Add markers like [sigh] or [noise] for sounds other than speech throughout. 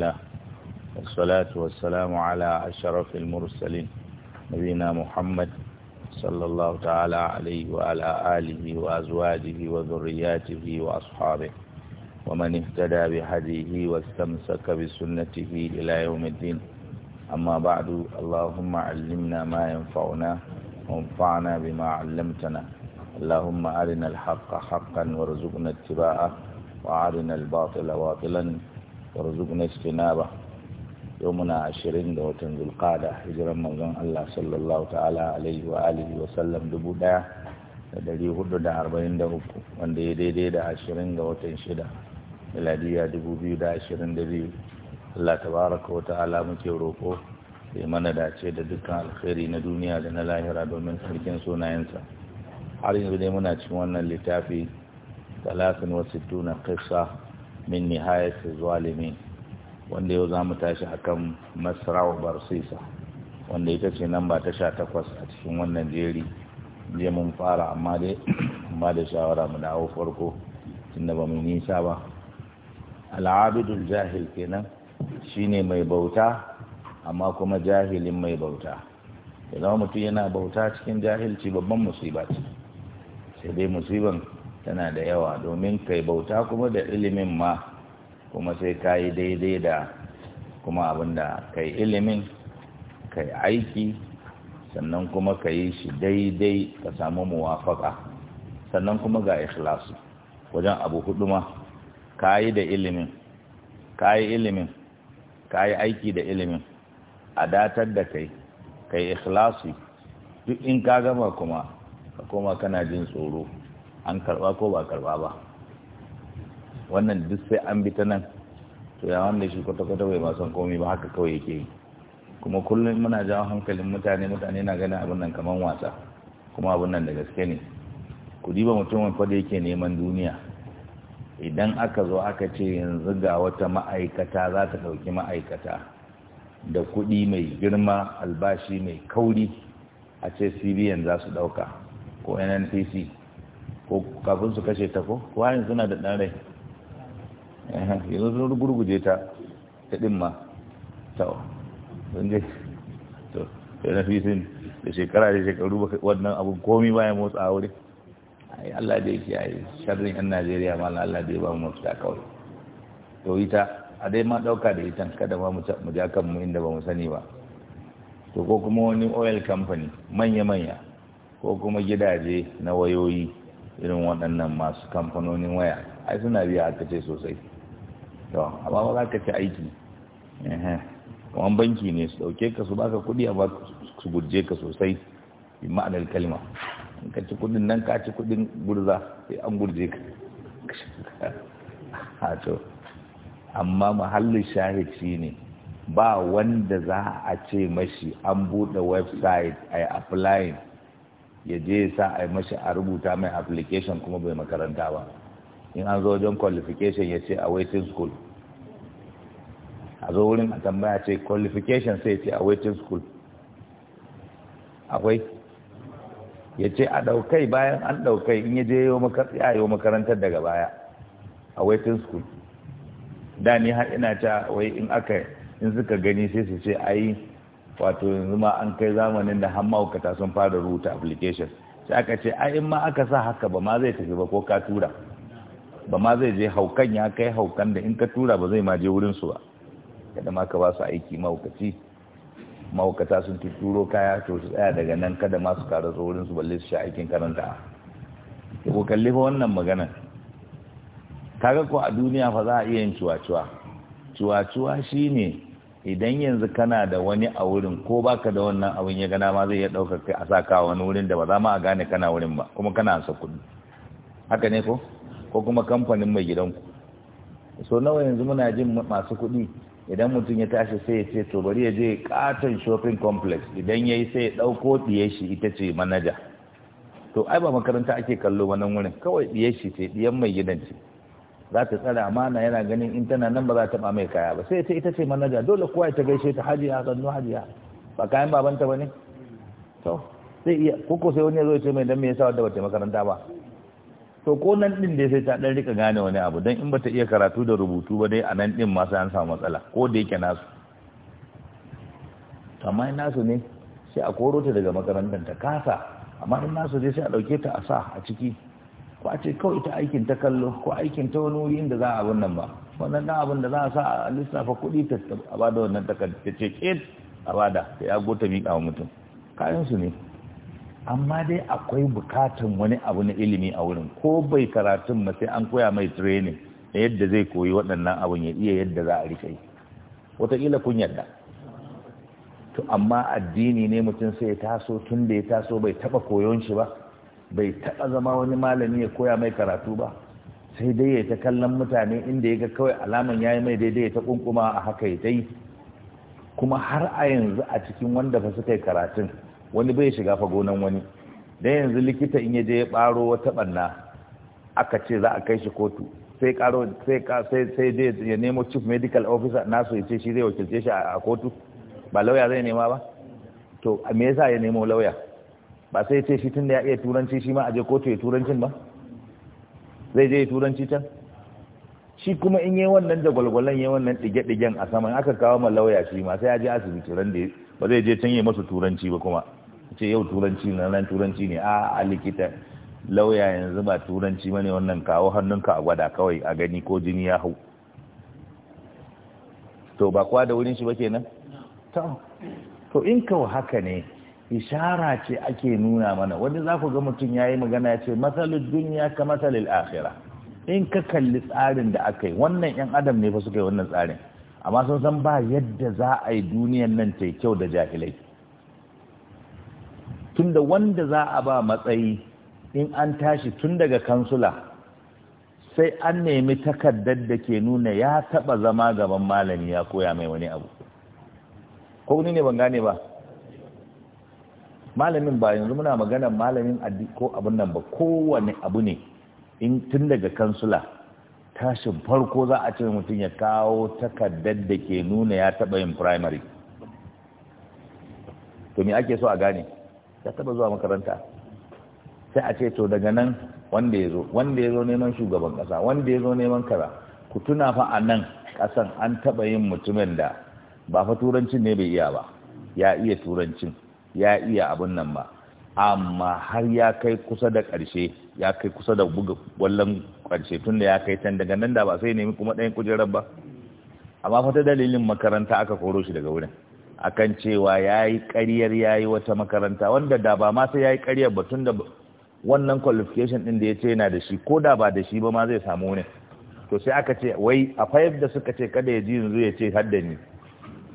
الله والصلاة والسلام على أشرف المرسلين نبينا محمد صلى الله تعالى عليه وعلى آله وأزواجه وذرياته وأصحابه ومن اهتدى بهديه واستمسك بسنته إلى يوم الدين أما بعد اللهم علمنا ما ينفعنا وانفعنا بما علمتنا اللهم أرنا الحق حقا وارزقنا اتباعه وأرنا الباطل باطلا warzuqna istinaba yau muna ashirin da watan zulqada hijiran manzon Allah sallallahu ta'ala alaihi wa alihi wa sallam dubu daya da dari hudu da arba'in da uku wanda ya daidai da ashirin ga watan shida miladiya dubu biyu da ashirin da biyu Allah tabaraka wa ta'ala muke roƙo da mana dace da dukkan alkhairi na duniya da na lahira domin sarkin sunayensa har yanzu dai muna cikin wannan littafi talatin wa sittuna qissa min nihayati zalimin wanda yau zamu tashi akan masra'u barsisa wanda ita ce namba ta 18 a cikin wannan jeri je mun fara amma dai amma da shawara mu dawo farko tunda ba mu nisa ba al'abidul jahil kenan shine mai bauta amma kuma jahilin mai bauta idan mutum yana bauta cikin jahilci babban musiba sai dai musiban tana da yawa domin kai bauta kuma da ilimin ma kuma sai ka yi daidai da kuma abinda kai ilimin kai aiki sannan kuma ka yi shi daidai ka samu muwafaka sannan kuma ga ikhlasu wajen abu hudu ma ka yi da ilimin ka yi ilimin ka yi aiki da ilimin a datar da kai kai ikhlasu duk in ka gama kuma ka koma kana jin tsoro an karba ko ba karba ba wannan duk sai an bi ta nan to ya wanda shi kwata-kwata bai ba komi komai ba haka kawai yake yi kuma kullum muna jawo hankalin mutane mutane na ganin abin nan kamar wasa kuma abin nan da gaske ne ku diba mutumin fa yake neman duniya idan aka zo aka ce yanzu ga wata ma'aikata za ta ɗauki ma'aikata da kuɗi mai girma albashi mai kauri a ce cbn za su ɗauka ko nnpc ko kafin su kashe ta ko wayan suna da dan rai yanzu sun gurguje ta ta din ma ta sun je to sai na fisin da shekara da shekaru ba wannan komai komi bayan motsa aure. ai Allah da yake ai sharrin yan Najeriya ma Allah da ba mu mafita kawai to ita a dai ma dauka da ita kada ma mu ja kan mu inda ba mu sani ba to ko kuma wani oil company manya manya ko kuma gidaje na wayoyi irin waɗannan masu kamfanonin waya ai suna biya aka ce sosai to amma ba za ka ci aiki kamar banki ne su ɗauke ka su baka kuɗi a ba su gurje ka sosai bi ma'anar kalma in ka ci kuɗin nan ka ci kuɗin gurza sai an gurje ka [laughs] a to amma muhallin shahid shi ne ba wanda za a ce mashi an buɗe website a yi applying ya je ya sa a mashi a rubuta mai application kuma bai makaranta ba in an zo wajen qualification ya ce a waiting school a zo wurin a tambaya ce qualification sai ce a waiting school akwai ya ce a ɗaukai bayan an ɗaukai in ya je ya yayo makarantar daga baya a waiting school da ni har ina ta wai in aka in suka gani sai su ce ai wato yanzu ma an kai zamanin da har mahaukata sun fara rubuta application sai aka ce a in ma aka sa haka ba ma zai tafi ba ko ka tura ba ma zai je haukan ya kai haukan da in ka tura ba zai ma je wurin su ba kada ma ka ba su aiki mahaukaci mahaukata sun turo kaya to su tsaya daga nan kada ma su kara su wurin su balle su sha aikin karanta ko kalli fa wannan magana kaga ko a duniya fa za a iya yin ciwa-ciwa ciwa-ciwa shine idan yanzu kana da wani a wurin ko baka da wannan abin ya gana ma zai iya daukar kai a sa ka wani wurin da ba za ma a gane kana wurin ba kuma kana ansa kuɗi haka ne ko ko kuma kamfanin mai gidanku so nawa yanzu muna jin masu kuɗi idan mutum ya tashi sai ya ce to bari ya je katon shopping complex idan yayi yi sai ya ɗauko diye shi ita ce manaja to ai ba makaranta ake kallo ba nan wurin kawai diye shi ce ɗiyan mai gidan ce za ta tsara amana yana ganin in tana nan ba za ta mai kaya ba sai ita ce manaja dole kowa ta gaishe ta hajiya Zannu hajiya ba kayan babanta ba ne to sai iya koko sai wani ya zo ce mai dan me yasa wadda bata makaranta ba to ko nan din da sai ta dan rika gane wani abu dan in bata iya karatu da rubutu ba dai a nan din ma sai an samu matsala ko da yake nasu amma nasu ne sai a koro ta daga makarantar ta kasa amma in nasu dai sai a dauke ta a sa a ciki ko a ce kawai ta aikin ta kallo ko aikin ta wani wuri inda za a abin nan ba wannan dan abin da za a sa a lissafa kuɗi ta a ba da wannan takar ta ce ƙet eh, a ba da ya gota miƙa wa mutum kayan su ne amma dai akwai bukatan wani abu na ilimi a wurin ko bai karatun ma sai an koya mai training na yadda zai koyi waɗannan abin ya iya yadda za a rike wataƙila kun yarda to amma addini ne mutum sai ya taso tun da ya taso bai taɓa koyon shi ba bai taɓa zama wani malami ya koya mai karatu ba sai dai ya ta kallon mutane inda ya ga kawai alaman ya yi mai daidai ya ta kunkuma a haka ya dai kuma har a yanzu a cikin wanda fa suka yi karatun wani bai shiga fa gonan wani dan yanzu likita in ya je ya ɓaro wata ɓanna aka ce za a kai shi kotu sai karo sai sai sai dai ya nemo chief medical officer nasu ya ce shi zai wakilce shi a kotu ba lauya zai nema ba to me yasa ya nemo lauya ba sai ce shi tun da ya iya turanci shi ma a je kotu ya turancin ba zai je ya turanci can shi kuma in yi wannan jagwalgwalan yi wannan ɗige-ɗigen a saman aka kawo ma lauya shi ma sai ya je asibiti ran da ba zai je can yi masu turanci ba kuma ce yau turanci na nan turanci ne a a likita lauya yanzu ba turanci ba ne wannan kawo hannunka a gwada kawai a gani ko jini ya hau to ba kwa da wurin shi ba kenan to in kawo haka ne ishara ce ake nuna mana wanda za ku ga mutum ya yi magana ya ce matsalin duniya ka matsalin akhira in ka kalli tsarin da aka yi wannan 'yan adam ne fa suka yi wannan tsarin amma sun san ba yadda za a yi duniyan nan ta kyau da jahilai tun da wanda za a ba matsayi in an tashi tun daga kansula sai an nemi takardar da ke nuna ya taba zama gaban malami ya koya mai wani abu ko ne ban gane ba malamin ba yanzu muna magana malamin addi ko abin nan ba kowane abu ne in tun daga kansula tashin farko za a ce mutum ya kawo takardar da ke nuna ya taɓa yin primary to me ake so a gane ya taɓa zuwa makaranta sai a ce to daga nan wanda ya zo wanda ya zo neman shugaban ƙasa wanda ya zo neman kara ku tuna fa a nan ƙasan an taba yin mutumin da ba fa turancin ne bai iya ba ya iya turancin ya iya abin nan ba amma har ya kai kusa da ƙarshe ya kai kusa da buga wallan karshe tun da ya kai can daga nan da ba sai nemi kuma ɗayan kujerar ba amma fata dalilin makaranta aka koro shi daga wurin akan cewa ya yi ƙaryar ya yi wata makaranta wanda da ba ma sai ya yi ƙaryar ba tun da wannan qualification ɗin da ya ce yana da shi ko da ba da shi ba ma zai samu wani to sai aka ce wai a fayar da suka ce kada ya ji yanzu ya ce haddani ni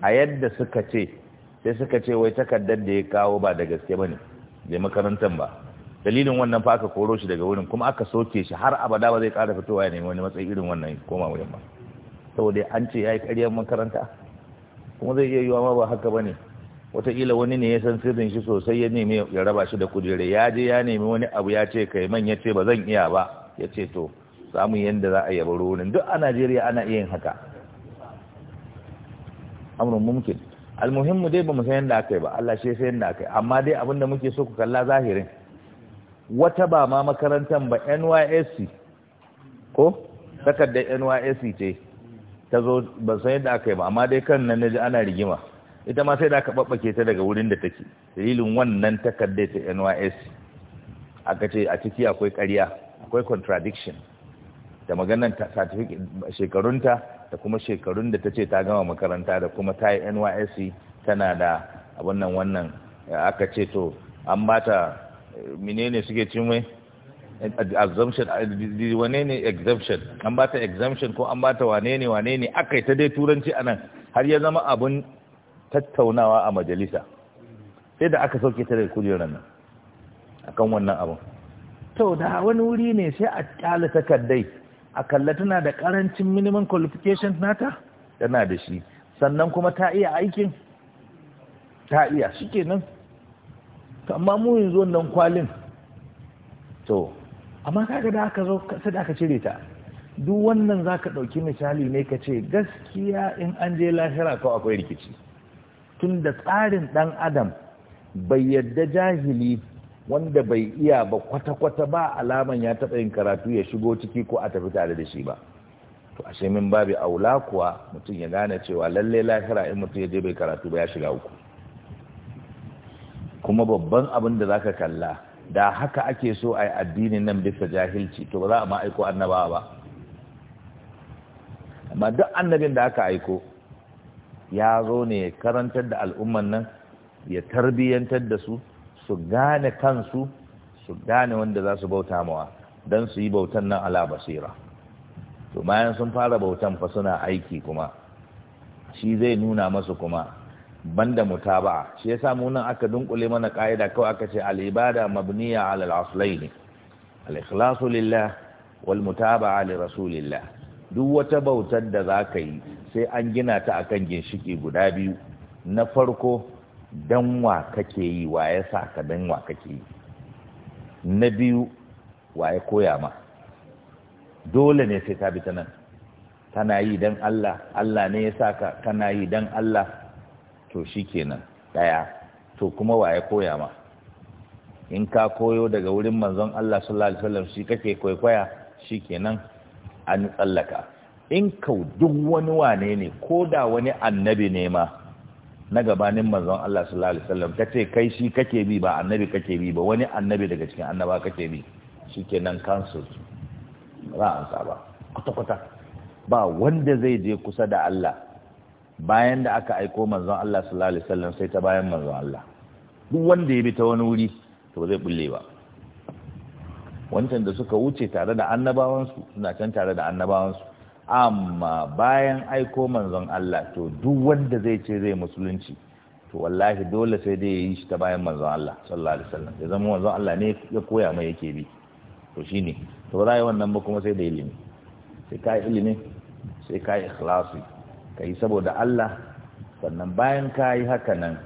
a yadda suka ce sai suka ce wai takardar da ya kawo ba da gaske ba ne bai makarantar ba dalilin wannan fa aka koro shi daga wurin kuma aka soke shi har abada ba zai kara fitowa ya nemi wani matsayi irin wannan koma wurin ba saboda an ce ya yi karyar makaranta kuma zai iya yiwa ma ba haka ba ne wataƙila wani ne ya san sirrin shi sosai ya nemi ya raba shi da kujere ya je ya nemi wani abu ya ce kai man ya ce ba zan iya ba ya ce to samun yadda za a yaba wurin duk a najeriya ana iya yin haka amurin mumkin almuhimmu dai ba mu san yadda aka yi ba Allah shi sai yadda aka yi amma dai abin da muke so ku kalla zahirin wata ba ma makarantar ba NYSC ko takardar NYSC ce ta zo ba san yadda aka yi ba amma dai kan nan naji ana rigima ita ma sai da aka babbake ta daga wurin da take dalilin wannan takardar ta NYSC aka ce a ciki akwai ƙarya akwai contradiction da maganar shekarunta da kuma shekarun da ta ce ta gama makaranta da kuma ta yi NYSC tana da abin wannan eh, aka ce to an ba ta eh, menene suke ce exemption eh, wane ne exemption an ba ta exemption ko an ba ta wane ne wane ne aka yi ta dai turanci a nan har ya zama abin tattaunawa a majalisa sai da aka sauke ta daga kujerar nan akan wannan abin to da wani wuri ne sai a kyale takardai a kalla tana da karancin minimum qualification nata tana da shi sannan kuma ta iya aikin ta iya shikenan amma mu yanzu wannan kwalin to amma kaga da aka zo sai da aka cire ta duk wannan zaka dauki misali ne ka ce gaskiya in an je lahira ko akwai rikici tunda tsarin dan adam bai yadda jahili wanda bai iya ba kwata-kwata ba alaman ya taɓa yin karatu ya shigo ciki ko a tafi tare da shi ba to ashe min babu aula kuwa mutum ya gane cewa lallai lahira in mutum ya je bai karatu ba ya shiga uku kuma babban abin da zaka kalla da haka ake so a yi addinin nan bisa jahilci to ba za a ma aiko annabawa ba amma duk annabin da aka aiko ya zo ne ya karantar da al'umman nan ya tarbiyyantar da su su gane kansu su gane wanda za su bauta mawa don su yi bautan nan ala basira to bayan sun fara bautan fa suna aiki kuma shi zai nuna masu kuma banda mutaba shi yasa mu nan aka dunkule mana ka'ida kawai aka ce al-ibada mabniya ala al-aslayn al-ikhlasu lillah wal mutaba'a li rasulillah duk wata bautar da zaka yi sai an gina ta akan ginshiki guda biyu na farko dan wa kake yi wa ya sa ka dan wa kake yi na biyu wa ya koya ma dole ne sai ka bi ta nan kana yi dan Allah Allah ne ya sa ka kana yi dan Allah to shikenan daya to kuma wa ya koya ma in ka koyo daga wurin manzon Allah sallallahu alaihi wasallam shi kake kwaikwaya shikenan an tsallaka in kau duk wani wane ne ko da wani annabi ne ma na gabanin manzon Allah sallallahu alaihi wasallam kace kai shi kake bi ba annabi kake bi ba wani annabi daga cikin annaba kake bi shikenan kansu ba an saba kwata kwata ba wanda zai je kusa da Allah bayan da aka aiko manzon Allah sallallahu alaihi wasallam sai ta bayan manzon Allah duk wanda ya bi ta wani wuri to zai bulle ba wancan da suka wuce tare da annabawansu suna can tare da annabawansu amma bayan aiko manzon Allah to duk wanda zai ce zai musulunci to wallahi dole sai dai yi shi ta bayan manzon Allah sallallahu alaihi wasallam ya zama manzon Allah ne ya koya mai yake bi to shine to ba wannan ba kuma sai da ilimi sai kai ilimi sai ka ikhlasi kai saboda Allah sannan bayan ka haka nan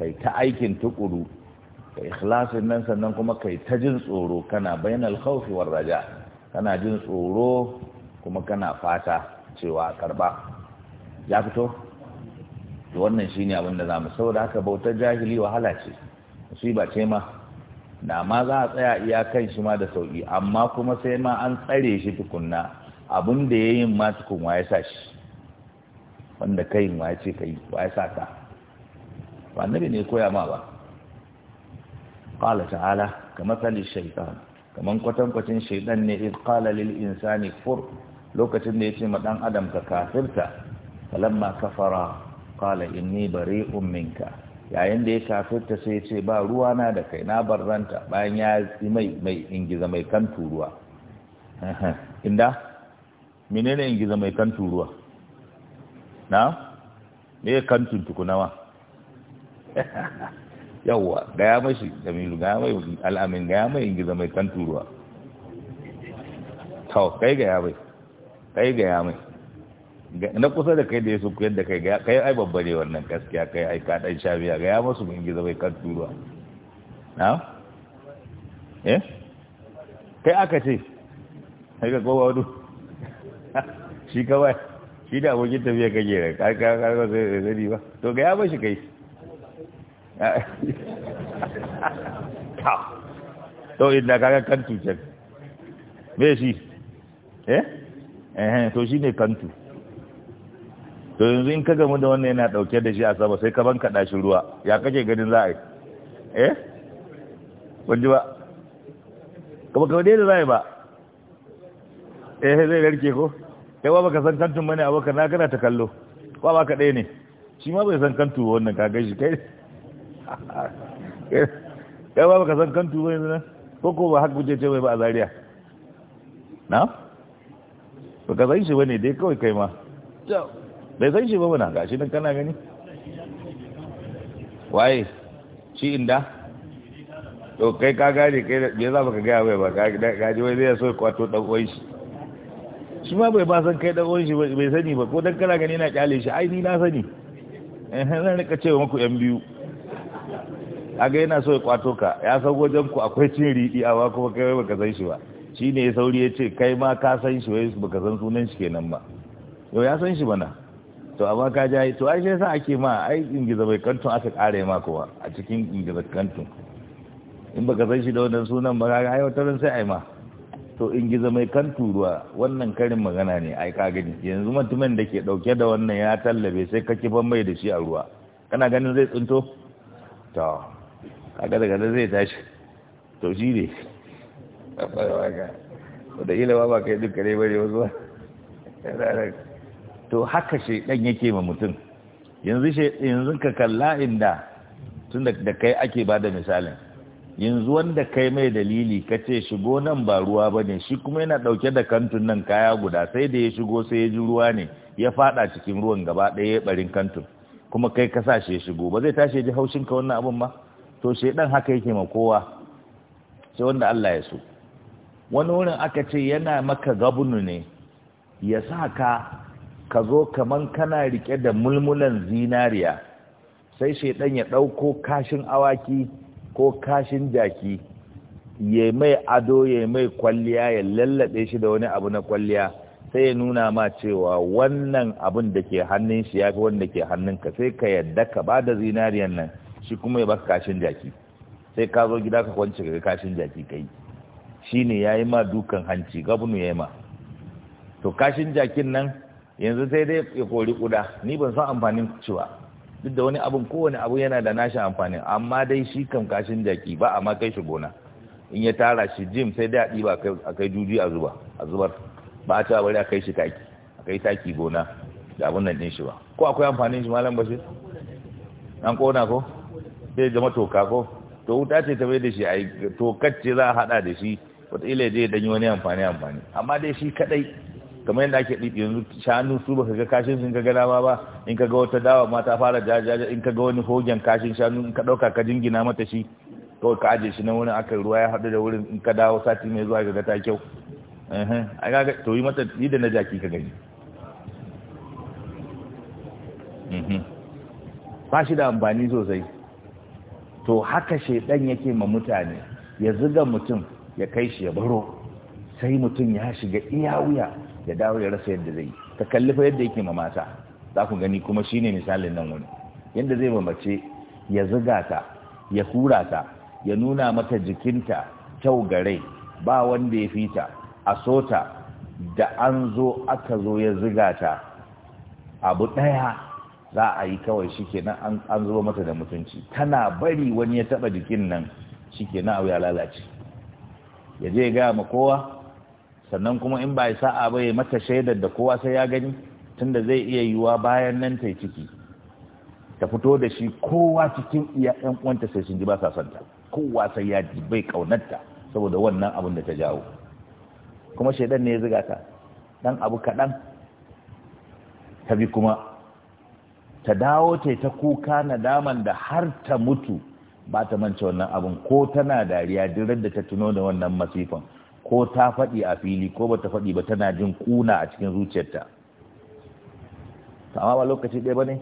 kai ta aikin tukuru ka ikhlasin nan sannan kuma kai ta jin tsoro kana bainal khawfi war raja kana jin tsoro kuma kana fata cewa karba ya fito to wannan shine abin da zamu saboda haka bautar jahili wahala ce musiba ce ma da ma za a tsaya iya kan shi ma da sauki amma kuma sai ma an tsare shi tukunna abin da yayi ma tukun waye sa shi wanda kai ya ce kai waye sa ka ba nabi ne koya ma ba qala ta'ala kama shaytan kaman kwatankwacin shaytan ne in qala lil insani fur lokacin da ya ce ma ɗan adam ka kafirta falamma kafara kala inni bari umminka, yayin da ya kafirta sai ya ce ba ruwa na da kai na barranta bayan ya yi mai mai ingiza mai kan turuwa [laughs] inda menene ingiza mai kan turuwa na me ya kan tuntuku nawa [laughs] yawwa ga ya mashi jamilu ga ya mai al'amin ga ya mai ingiza mai kan turuwa to kai ga ya bai kai gaya mai na kusa da kai da ya suku yadda kai gaya kai ai babbare wannan gaskiya kai ai ka dan shabiya gaya masu mun gizo bai kan turuwa na eh kai aka ce kai ga gowa wadu [laughs] shi kawai shi da abokin tafiya kake da ka ka ka sai zari ba to gaya ba shi kai [laughs] to idan kaga kan tuce me shi eh Ehen to shi ne kantu to yanzu in ka gamu da wannan yana dauke da shi a sama sai ka ban kaɗa shi ruwa ya kake ganin za a yi eh wajen ba kuma kawai da za a yi ba eh zai garke ko ya ba baka san kantun bane abokan na gana ta kallo ba baka ɗaya ne shi ma bai san kantu wannan ka shi kai ya [laughs] ba baka san kantu bane nan ko ko ba haka kuce ce bai ba a Zariya na ba ka san shi ba ne dai kawai kai ma bai san shi ba mana shi nan kana gani waye shi inda to kai ka gane kai da me za ka gaya bai ba gaji wai zai so kwato dan uwan shi shi ma bai ba san kai dan uwan shi bai sani ba ko dan kana gani na kyale shi ai ni na sani eh zan rika cewa muku yan biyu kaga yana so ya kwato ka ya san wajen ku akwai cin riɗi amma kuma kai baka san shi ba shi ne sauri ya ce kai ma ka san shi wai baka san sunan shi kenan ba yau ya san shi bana to amma ka ja to ai sai sa ake ma ai ingiza bai kantun aka kare ma kowa a cikin ingiza kantun in baka san shi da wannan sunan ba ga ai wata sai ai ma to ingiza mai kan turuwa wannan karin magana ne ai ka gani yanzu mutumin da ke dauke da wannan ya tallabe sai ka kifan mai da shi a ruwa kana ganin zai tsinto to kaga daga zai tashi to shi ne da ilawa ba kai duka dai bare wasu to haka shi dan yake ma mutum yanzu yanzu ka kalla inda tun da kai ake ba da misalin yanzu wanda kai mai dalili ka ce shigo nan ba ruwa ba ne shi kuma yana ɗauke da kantun nan kaya guda sai da ya shigo sai ya ji ruwa ne ya fada cikin ruwan gaba ɗaya ya barin kantun kuma kai ka sa shi ya shigo ba zai tashi ji haushinka wannan abin ba to shaidan haka yake ma kowa sai wanda Allah ya so wani wurin aka ce yana maka gabunu ne ya sa ka ka zo kaman kana rike da mulmulan zinariya sai shaidan ya ɗauko kashin awaki ko kashin jaki ya mai ado ya mai kwalliya ya lallaɓe shi da wani abu na kwalliya sai ya nuna ma cewa wannan abin da ke hannun shi ya fi wanda ke hannun ka sai ka yadda ka ba da zinariyan nan shi kuma ya baka kashin jaki sai ka zo gida ka kwance ka kashin jaki ka yi Shi ne ya yi ma dukan hanci gabnu yi ma to kashin jakin nan yanzu sai dai ya kori kuda ni ban san amfanin cewa duk da wani abin kowane abu yana da nashi amfanin amma dai shi kan kashin jaki ba a ma kai shi gona in ya tara shi jim sai dai a ɗiba a kai juji a zuba a zubar ba a cewa bari a kai shi taki a kai taki gona da abin nan ɗin shi ba ko akwai amfanin shi malam bashir an kona ko sai jama toka ko to wuta ce ta bai da shi a yi tokar ce za a haɗa da shi wataƙila ya je ya danyi wani amfani amfani amma dai shi kaɗai kamar yadda ake ɗiɗi yanzu shanu su ka ga kashin sun ka ga dama ba in ka ga wata dawa ma ta fara jajaja in ka ga wani hogen kashin shanu in ka ɗauka ka jingina mata shi kawai ka aje shi na wurin aka ruwa ya haɗu da wurin in ka dawo sati mai zuwa ga ta kyau a ga to yi mata yi da na jaki ka gani ba shi da amfani sosai to haka shaidan yake ma mutane ya zuga mutum ya kai shi ya baro sai mutum ya shiga iya wuya ya dawo ya rasa yadda zai ka kalli fa yadda yake ma mata za ku gani kuma shine misalin nan wani yadda zai mamace ya ziga ta ya hura ta ya nuna mata jikinta kyau gare ba wanda ya fita a sota da an zo aka zo ya ziga ta abu ɗaya za a yi kawai shi shikenan an zo mata da mutunci tana bari wani ya taɓa jikin nan shi ke na ya lalace ya je gaya ma kowa sannan kuma in ba ya sa'a ba ya mata shaidar da kowa sai ya gani tunda zai iya yiwuwa bayan nan ta ciki ta fito da shi kowa cikin iya ɗan uwanta sai sun ji ba sa son ta kowa sai ya ji bai kaunarta saboda wannan abin da ta jawo kuma shaidan ne ya ziga ta dan abu kaɗan ta bi kuma ta dawo ta ta kuka nadaman da har ta mutu ba ta mance wannan abin ko tana dariya duk da ta tuno da wannan masifan ko ta faɗi a fili ko ba ta faɗi ba tana jin kuna a cikin zuciyarta amma ba lokaci ɗaya ba ne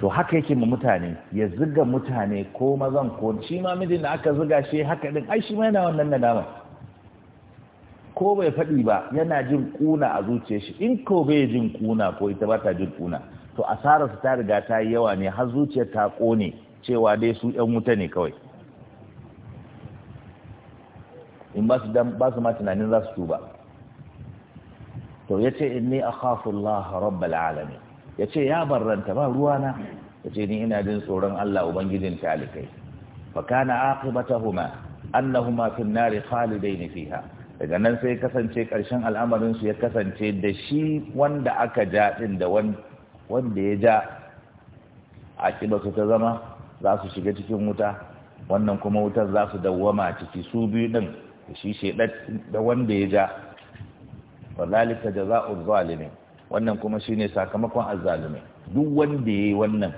to haka yake mu mutane ya ziga mutane ko mazan ko shi ma mijin da aka ziga shi haka din ai shi ma yana wannan nadama ko bai faɗi ba yana jin kuna a zuciyar shi in ko bai jin kuna ko ita ba ta jin kuna to asararsu ta riga ta yi yawa ne har zuciyar ta kone cewa dai su ‘yan wuta ne kawai in ba su ba su ma tunanin za su tuba to ya ce in ne a khafullaha rabbal alami ya ce ya barranta ba ruwana ya ce ni ina jin tsoron Allah Ubangijin talikai fa kana aqibatahuma annahuma an nari khalidain fiha daga nan sai kasance karshen al'amarin su ya kasance da shi wanda aka ja din da wanda wanda ya ja a su ta zama za su shiga cikin wuta wannan kuma wutar za su dawwama ciki su biyu din shi da wanda ya ja za jazaa'uz zalimin wannan kuma shi ne sakamakon azzalimi duk wanda ya yi wannan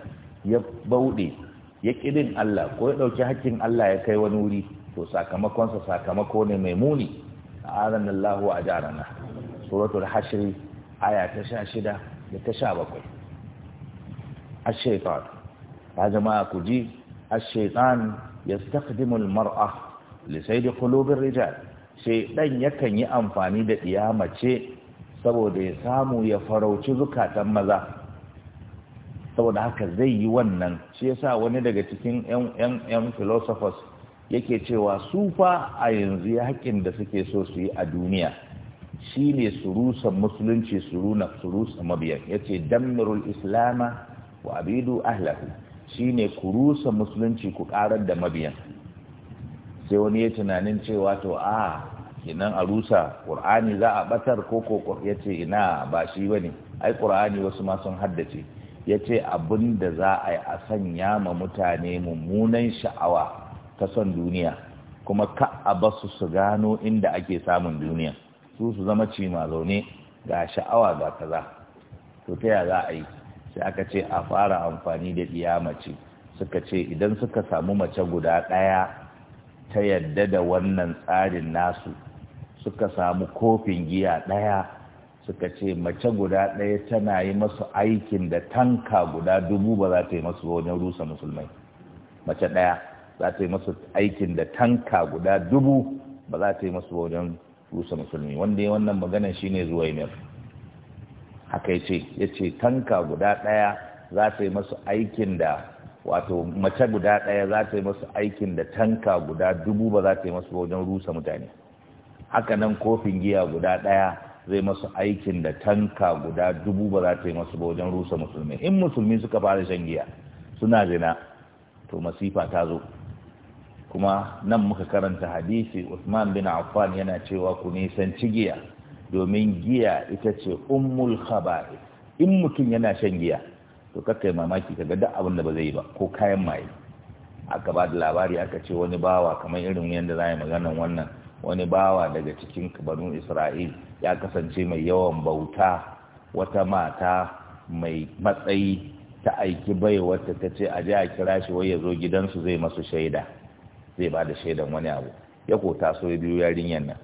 ya bauɗe ya ƙirin Allah ko ya ɗauki hakkin Allah ya kai wani wuri to sakamakonsa sakamako ne mai muni a aran Allah wa jarana suratul hashri aya ta sha shida da ta sha bakwai ash-shaytan ya jama'a ku ji ash-shaytan yastakhdimu mara li sayd qulub ar-rijal yakan yi amfani da diya mace saboda ya samu ya farauci zukatan maza saboda haka zai yi wannan shi sa wani daga cikin yan yan philosophers yake cewa su fa a yanzu ya haƙin da suke so su yi a duniya shine su rusa musulunci su runa su rusa mabiyan yace damirul islama wa abidu ahlahu shine ku rusa musulunci ku karar da mabiyan sai wani ya tunanin cewa to a inan a rusa qur'ani za a batar ko ko yace ina ba shi bane ai qur'ani wasu ma sun haddace yace abin da za a yi a sanya ma mutane mummunan sha'awa ta son duniya kuma ka a basu su gano inda ake samun duniya su su zama cima zaune ga sha'awa ga kaza to ta ya za a yi sai aka ce a fara amfani da ɗiya mace suka ce idan suka samu mace guda ɗaya ta yadda da wannan tsarin nasu suka samu kofin giya ɗaya suka ce mace guda ɗaya tana yi masu aikin da tanka guda dubu ba za ta yi masu wajen rusa musulmai mace ɗaya za ta yi masu aikin da tanka guda dubu ba za ta yi masu wajen rusa musulmi wanda ya wannan maganan shine zuwa yi haka yace ce tanka guda ɗaya za ta yi masu aikin da wato mace guda ɗaya za ta yi masu aikin da tanka guda dubu ba za ta yi masu wajen rusa mutane haka nan kofin giya guda ɗaya zai masu aikin da tanka guda dubu ba za ta yi masu wajen rusa musulmi in musulmi suka fara shan giya suna zina to masifa ta zo kuma nan muka karanta hadisi Usman bin Affan yana cewa ku nisanci giya domin giya ita ce ummul khabari in mutum yana shan giya to kaka yi mamaki ka gada abin da ba zai yi ba ko kayan maye aka ba da labari aka ce wani bawa kamar irin yadda za a yi maganan wannan wani bawa daga cikin banu isra'il ya kasance mai yawan bauta wata mata mai matsayi ta aiki bai wata ta ce a a kira shi wai ya zo gidansu zai masu shaida zai ba da shaidan wani abu ya ko taso ya biyu yarinyar nan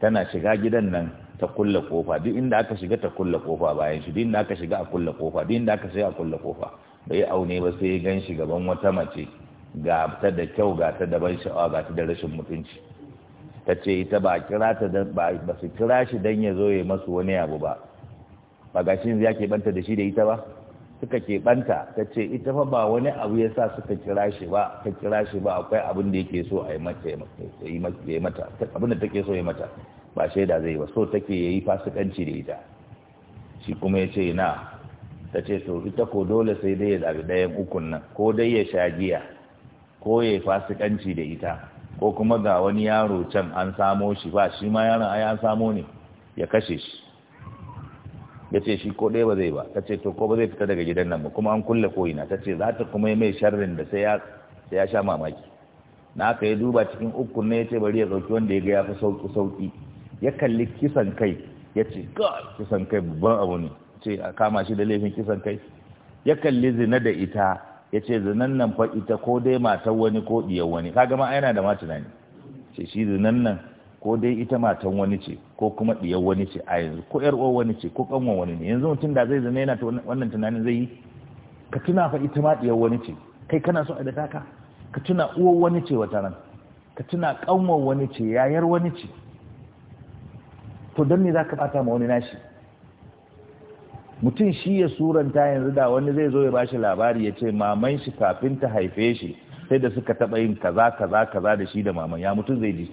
tana shiga gidan nan ta kulla kofa duk inda aka shiga ta kulla kofa bayan shi duk inda aka shiga a kulla kofa duk inda aka shiga a kulla kofa bai aune ba sai ya gan shi gaban wata mace ga ta da kyau ga ta da ban sha'awa ga ta da rashin mutunci ta ce ita ba kira ta da ba su kira shi dan ya zo ya masu wani abu ba ba ga shi ya banta da shi da ita ba suka banta ta ce ita fa ba wani abu ya sa suka kira shi ba ta kira shi ba akwai abin da yake so a yi mata abin da take so ya mata ba shaida zai ba so take yayi fasikanci da ita shi kuma yace na ta ce to ita ko dole sai dai ya zabi ɗayan ukun nan ko dai ya sha giya ko ya fasikanci da ita ko kuma ga wani yaro can an samo shi ba shi ma yaron ai an samo ne ya kashe shi ya ce shi ko ɗaya ba zai ba ta ce to ko ba zai fita daga gidan nan ba kuma an kulle ko'ina ta ce za ta kuma yi mai sharrin da sai ya sha mamaki na aka yi duba cikin ukun ne ya ce bari ya sauki wanda ya ga ya fi sauki. sauki ya kalli kisan kai ya ce kisan kai babban abu ne ce a kama shi da laifin kisan kai ya kalli zina da ita ya ce zinan nan fa ita ko dai matan wani ko diyar wani kaga ma yana da ma tunani ce shi zinan nan ko dai ita matan wani ce ko kuma diyar wani ce a yanzu ko yar uwar wani ce ko kanwa wani ne yanzu mutum da zai zina yana ta wannan tunanin zai yi ka tuna fa ita ma diyar wani ce kai kana so a da taka ka tuna uwar wani ce wata nan ka tuna kanwa wani ce yayar wani ce to don ne za ka bata ma wani nashi mutum shi ya suranta yanzu da wani zai zo ya bashi labari ya ce maman shi kafin ta haife shi sai da suka taba yin kaza kaza kaza da shi da maman ya mutum zai ji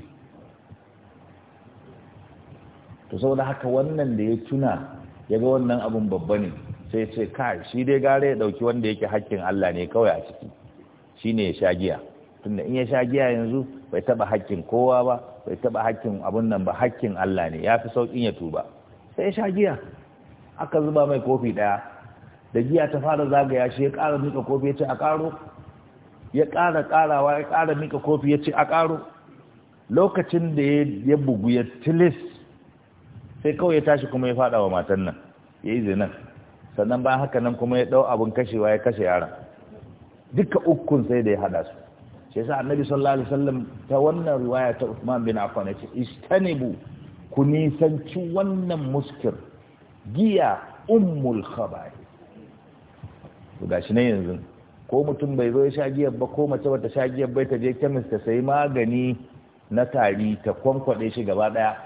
to saboda haka wannan da ya tuna ya ga wannan abun babba ne sai ce kai shi dai gare ya ɗauki wanda yake hakkin Allah ne kawai a ciki shi ne ya sha giya tunda in ya sha giya yanzu bai taba hakkin kowa ba bai taba hakkin abun nan ba hakkin Allah ne yafi saukin ya tuba sai sha giya aka zuba mai kofi daya da giya ta fara zagaya shi ya ƙara mika kofi ya ce a ƙaro ya ƙara ƙarawa ya ƙara mika kofi ya ce a ƙaro lokacin da ya bugu ya tilis sai kawai ya tashi kuma ya fada wa matan nan ya yi sannan bayan haka nan kuma ya dau abun kashewa ya kashe yaran duka ukun sai da ya haɗa su sai sa annabi sallallahu alaihi wasallam ta wannan riwaya ta Uthman bin Affan ce istanibu ku nisanci wannan muskir giya ummul khaba'i to gashi ne yanzu ko mutum bai zo ya sha giyar ba ko mace bata sha giyar bai ta je chemist ta sai magani na tari ta kwankwade shi gaba daya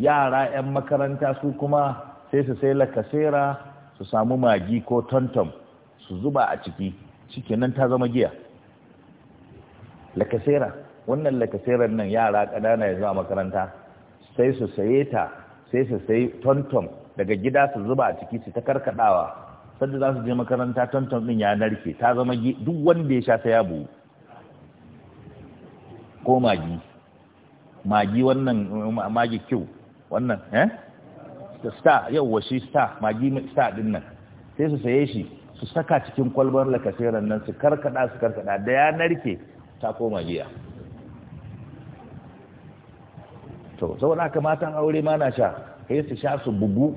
yara yan makaranta su kuma sai su sai lakasera su samu magi ko tontom su zuba a ciki shikenan ta zama giya lakasera wannan lakaseran nan yara ƙanana ya a makaranta sai su saye ta sai su sayi tonton daga gida su zuba a ciki su ta karkadawa sanda za su je makaranta tonton din ya narke ta zama duk wanda ya sha sai ya buhu ko magi magi wannan magi kyau wannan eh star yauwa shi star magi star din nan sai su saye shi su saka cikin kwalbar lakaseran nan su karkada su karkada da ya narke ta koma giya to saboda haka matan aure ma na sha kai su sha su bugu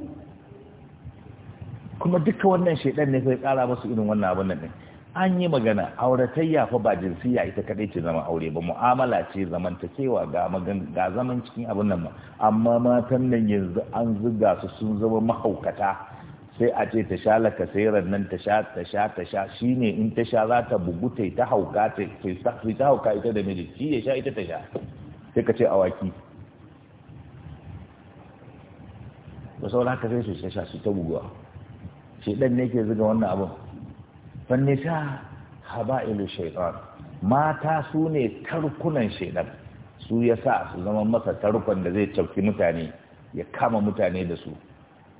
kuma duka wannan shaidan ne sai kara musu irin wannan abin nan an yi magana auratayya fa ba jinsiya ita kadai ce zama aure ba mu'amala ce zamantakewa ga magan ga zaman cikin abin nan amma matan nan yanzu an zuga su sun zama mahaukata sai a ce ta sha lakasairar nan ta sha ta sha ta sha shi ne in ta sha za ta bugu ta ta hauka ta ta hauka ita da miji shi ya sha ita ta sha sai ka ce awaki ba sau haka sai su sha su ta buguwa shi dan ne ke zuga wannan abin fannisa haba'ilu shaitan mata su ne tarkunan shaitan su ya sa su zama masa tarkon da zai cafki mutane ya kama mutane da su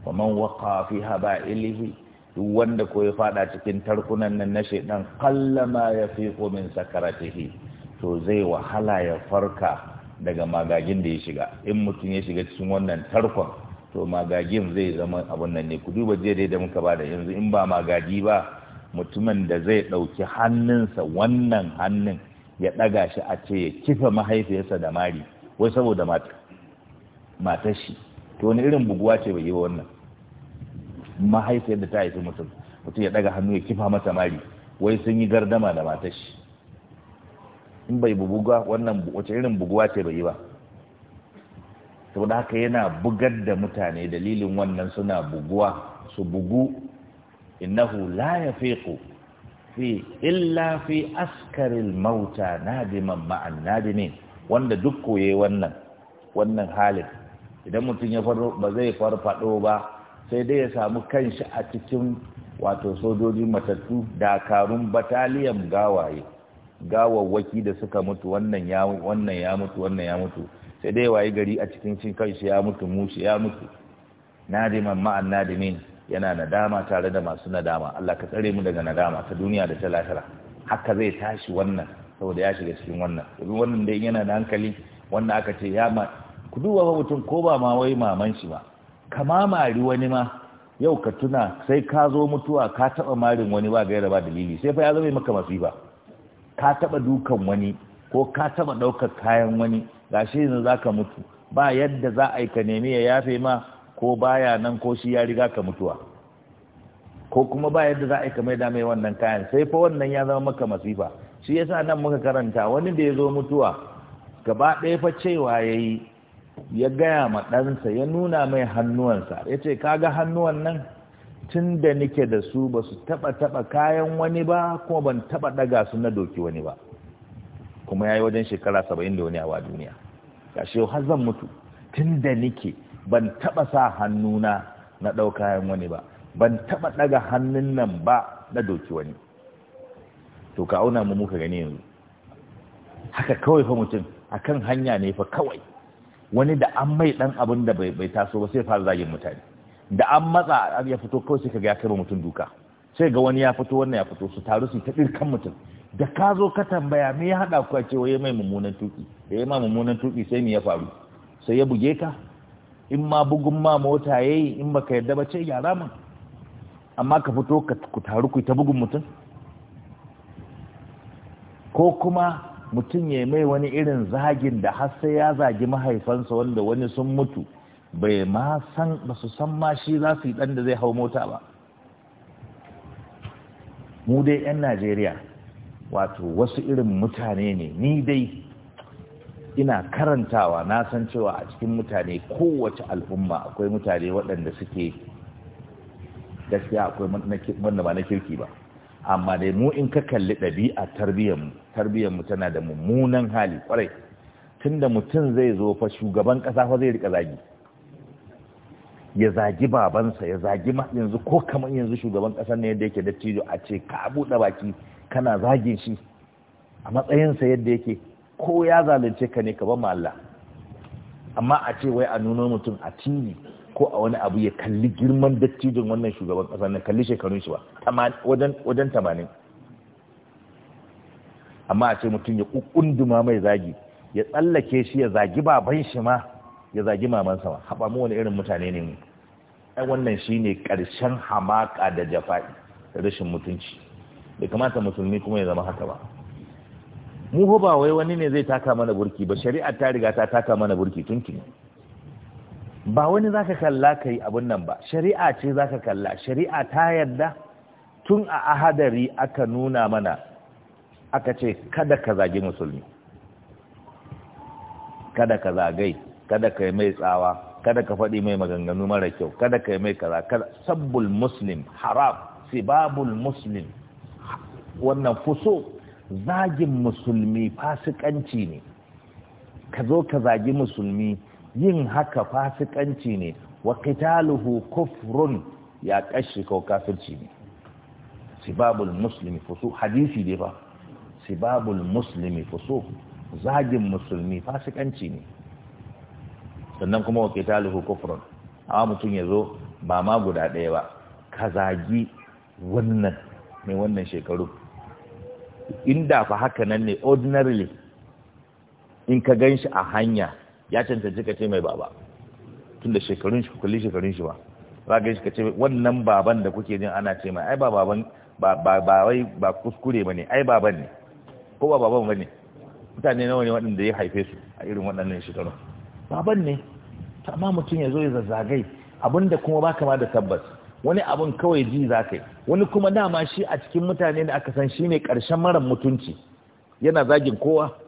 wa man waqa fi haba'ilihi duk wanda ko ya fada cikin tarkunan nan na shedan kallama yafiqu min sakaratihi to zai wahala ya farka daga magagin da ya shiga in mutum ya shiga cikin wannan tarkon to magagin zai zama abun nan ne ku duba jere da muka bada yanzu in ba magaji ba mutumin da zai ɗauki hannunsa wannan hannun ya ɗaga shi a ce ya kifa mahaifiyarsa da mari wai saboda mata shi to wani irin buguwa ce bai yi wannan mahaifiyar da ta haifi mutum mutum ya daga hannu ya kifa mata mari wai sun yi gardama da matar shi in bai buguwa wannan wace irin buguwa ce bai yi ba saboda haka yana bugar da mutane dalilin wannan suna buguwa su bugu innahu la yafiqu fi illa fi askaril mauta nadiman ma'an nadimin wanda duk koye wannan wannan halin idan mutum ya faro ba zai farfado ba sai dai ya samu kanshi a cikin wato sojoji matattu dakarun bataliyan gawaye gawawwaki da suka mutu wannan ya wannan ya mutu wannan ya mutu sai dai waye gari a cikin cin kanshi ya mutu mushi ya mutu nadiman ma'an annadimin yana nadama tare da masu nadama Allah ka tsare mu daga nadama ta duniya da ta lahira haka zai tashi wannan saboda ya shiga cikin wannan domin wannan dai yana da hankali wannan aka ce ya ma ku duba mutum ko ba ma wai maman shi ba kama mari wani ma yau ka tuna sai ka zo mutuwa ka taba marin wani ba gaira ba dalili sai fa ya zama maka masifa ka taba dukan wani ko ka taba daukar kayan wani gashi yanzu zaka mutu ba yadda za a yi ka nemi ya yafe ma ko baya nan ko shi ya riga ka mutuwa ko kuma ba yadda za a yi ka mai mai wannan kayan sai fa wannan ya zama maka masifa shi yasa nan muka karanta wani da ya zo mutuwa gaba ɗaya fa cewa yayi ya gaya ma ɗansa ya nuna mai hannuwansa ya ce kaga hannuwan nan tun da nike da su ba su taɓa taɓa kayan wani ba kuma ban taɓa ɗaga su na doki wani ba kuma ya yi wajen shekara saba'in da wani a duniya shi yau har zan mutu tun da nike ban taɓa sa hannuna na ɗau kayan wani ba ban taɓa ɗaga hannun nan ba na doki wani to ka auna mu muka gani yanzu haka kawai fa mutum akan hanya ne fa kawai wani da an mai dan abin da bai taso ba sai fara zagin mutane da an matsa ya fito kawai sai kaga ya kai mutum duka sai ga wani ya fito wannan ya fito su taru su ta dirkan mutum da ka zo ka tambaya me ya hada ku a ce wai mai mummunan tuki da ya ma mummunan tuki sai me ya faru sai ya buge ka in ma bugun ma mota yayi in baka yarda ba ce gyara mun amma ka fito ka ku taru ku ta bugun mutum ko kuma mutum ya mai wani irin zagin da har sai ya zagi mahaifansa wanda wani sun mutu bai ma san ba su san ma shi za su yi dan da zai hau mota ba mu dai 'yan najeriya wato wasu irin mutane ne ni dai ina karantawa na san cewa a cikin mutane kowace al'umma akwai mutane waɗanda suke gaskiya akwai wanda ba na kirki ba amma dai mu in ka kalli ɗabi'a tarbiyyarmu tarbiyyarmu tana da mummunan hali kwarai tunda mutum zai zo fa shugaban ƙasa fa zai rika zagi ya zagi babansa ya zagi ma yanzu ko kamar yanzu shugaban ƙasar ne yadda yake da cijo a ce ka buɗe baki kana zagin shi a matsayinsa yadda yake ko ya zalunce ka ne ka ba ma Allah amma a ce wai a nuno mutum a tv ko a wani abu ya kalli girman dattijin wannan shugaban ƙasa na kalli shekarun shi ba wajen tamanin amma a ce mutum ya ƙunduma mai zagi ya tsallake shi ya zagi baban shi ma ya zagi maman sama. haɓa mu wani irin mutane ne ai wannan shi ne ƙarshen hamaka da jafa'i da rashin mutunci bai kamata musulmi kuma ya zama haka ba mu ba wai wani ne zai taka mana burki ba shari'a ta riga ta taka mana burki tuntun. ba wani zaka kalla ka yi abun nan ba shari'a ce zaka kalla shari'a ta yadda tun a ahadari aka nuna mana aka ce kada ka zagi musulmi kada ka zagai kada ka yi mai tsawa kada ka faɗi mai maganganu mara kyau kada ka yi mai kaza kada sabbul muslim haram sibabul muslim wannan fuso zagin musulmi fasikanci ne ka zo ka zagi musulmi yin haka fasikanci ne wa qitaluhu kufrun ya kashi ko kafirci ne sibabul muslimi fusu hadisi dai ba sibabul muslimi fusu zagin musulmi fasikanci ne sannan kuma wa qitaluhu kufrun amma mutum ya zo ba ma guda ɗaya ba ka zagi wannan mai wannan shekaru inda fa haka nan ne ordinarily in ka ganshi a hanya ya cancanci ka ce mai baba tun da shekarun shi kulli shekarun shi ba za ka yi ka ce wannan baban da kuke jin ana ce mai ai ba baban ba ba ba kuskure ba ne ai baban ne ko ba baban ba ne mutane nawa ne waɗanda ya haife su a irin waɗannan shekaru baban ne amma mutum ya zo ya zazzagai abinda kuma ba kama da tabbas wani abin kawai ji za ka yi wani kuma dama shi a cikin mutane da aka san shi ne ƙarshen mara mutunci yana zagin kowa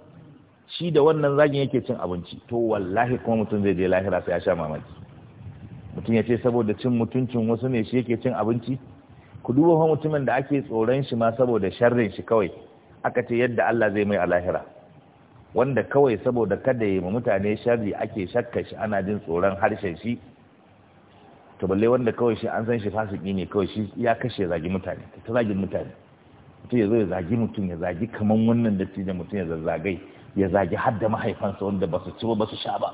shi da wannan zagin yake cin abinci to wallahi kuma mutum zai je lahira sai ya sha mamaki mutum ya ce saboda cin mutuncin wasu ne shi yake cin abinci ku duba fa mutumin da ake tsoron shi ma saboda sharrin shi kawai aka ce yadda Allah zai mai a lahira wanda kawai saboda kada yi ma mutane sharri ake shakka shi ana jin tsoron harshen shi to balle wanda kawai shi an san shi fasiki ne kawai shi ya kashe zagi mutane ta zagin mutane mutum ya zo ya zagi mutum ya zagi kaman wannan dattijan mutum ya zazzagai ya zagi har da mahaifansa wanda ba su ci ba su sha ba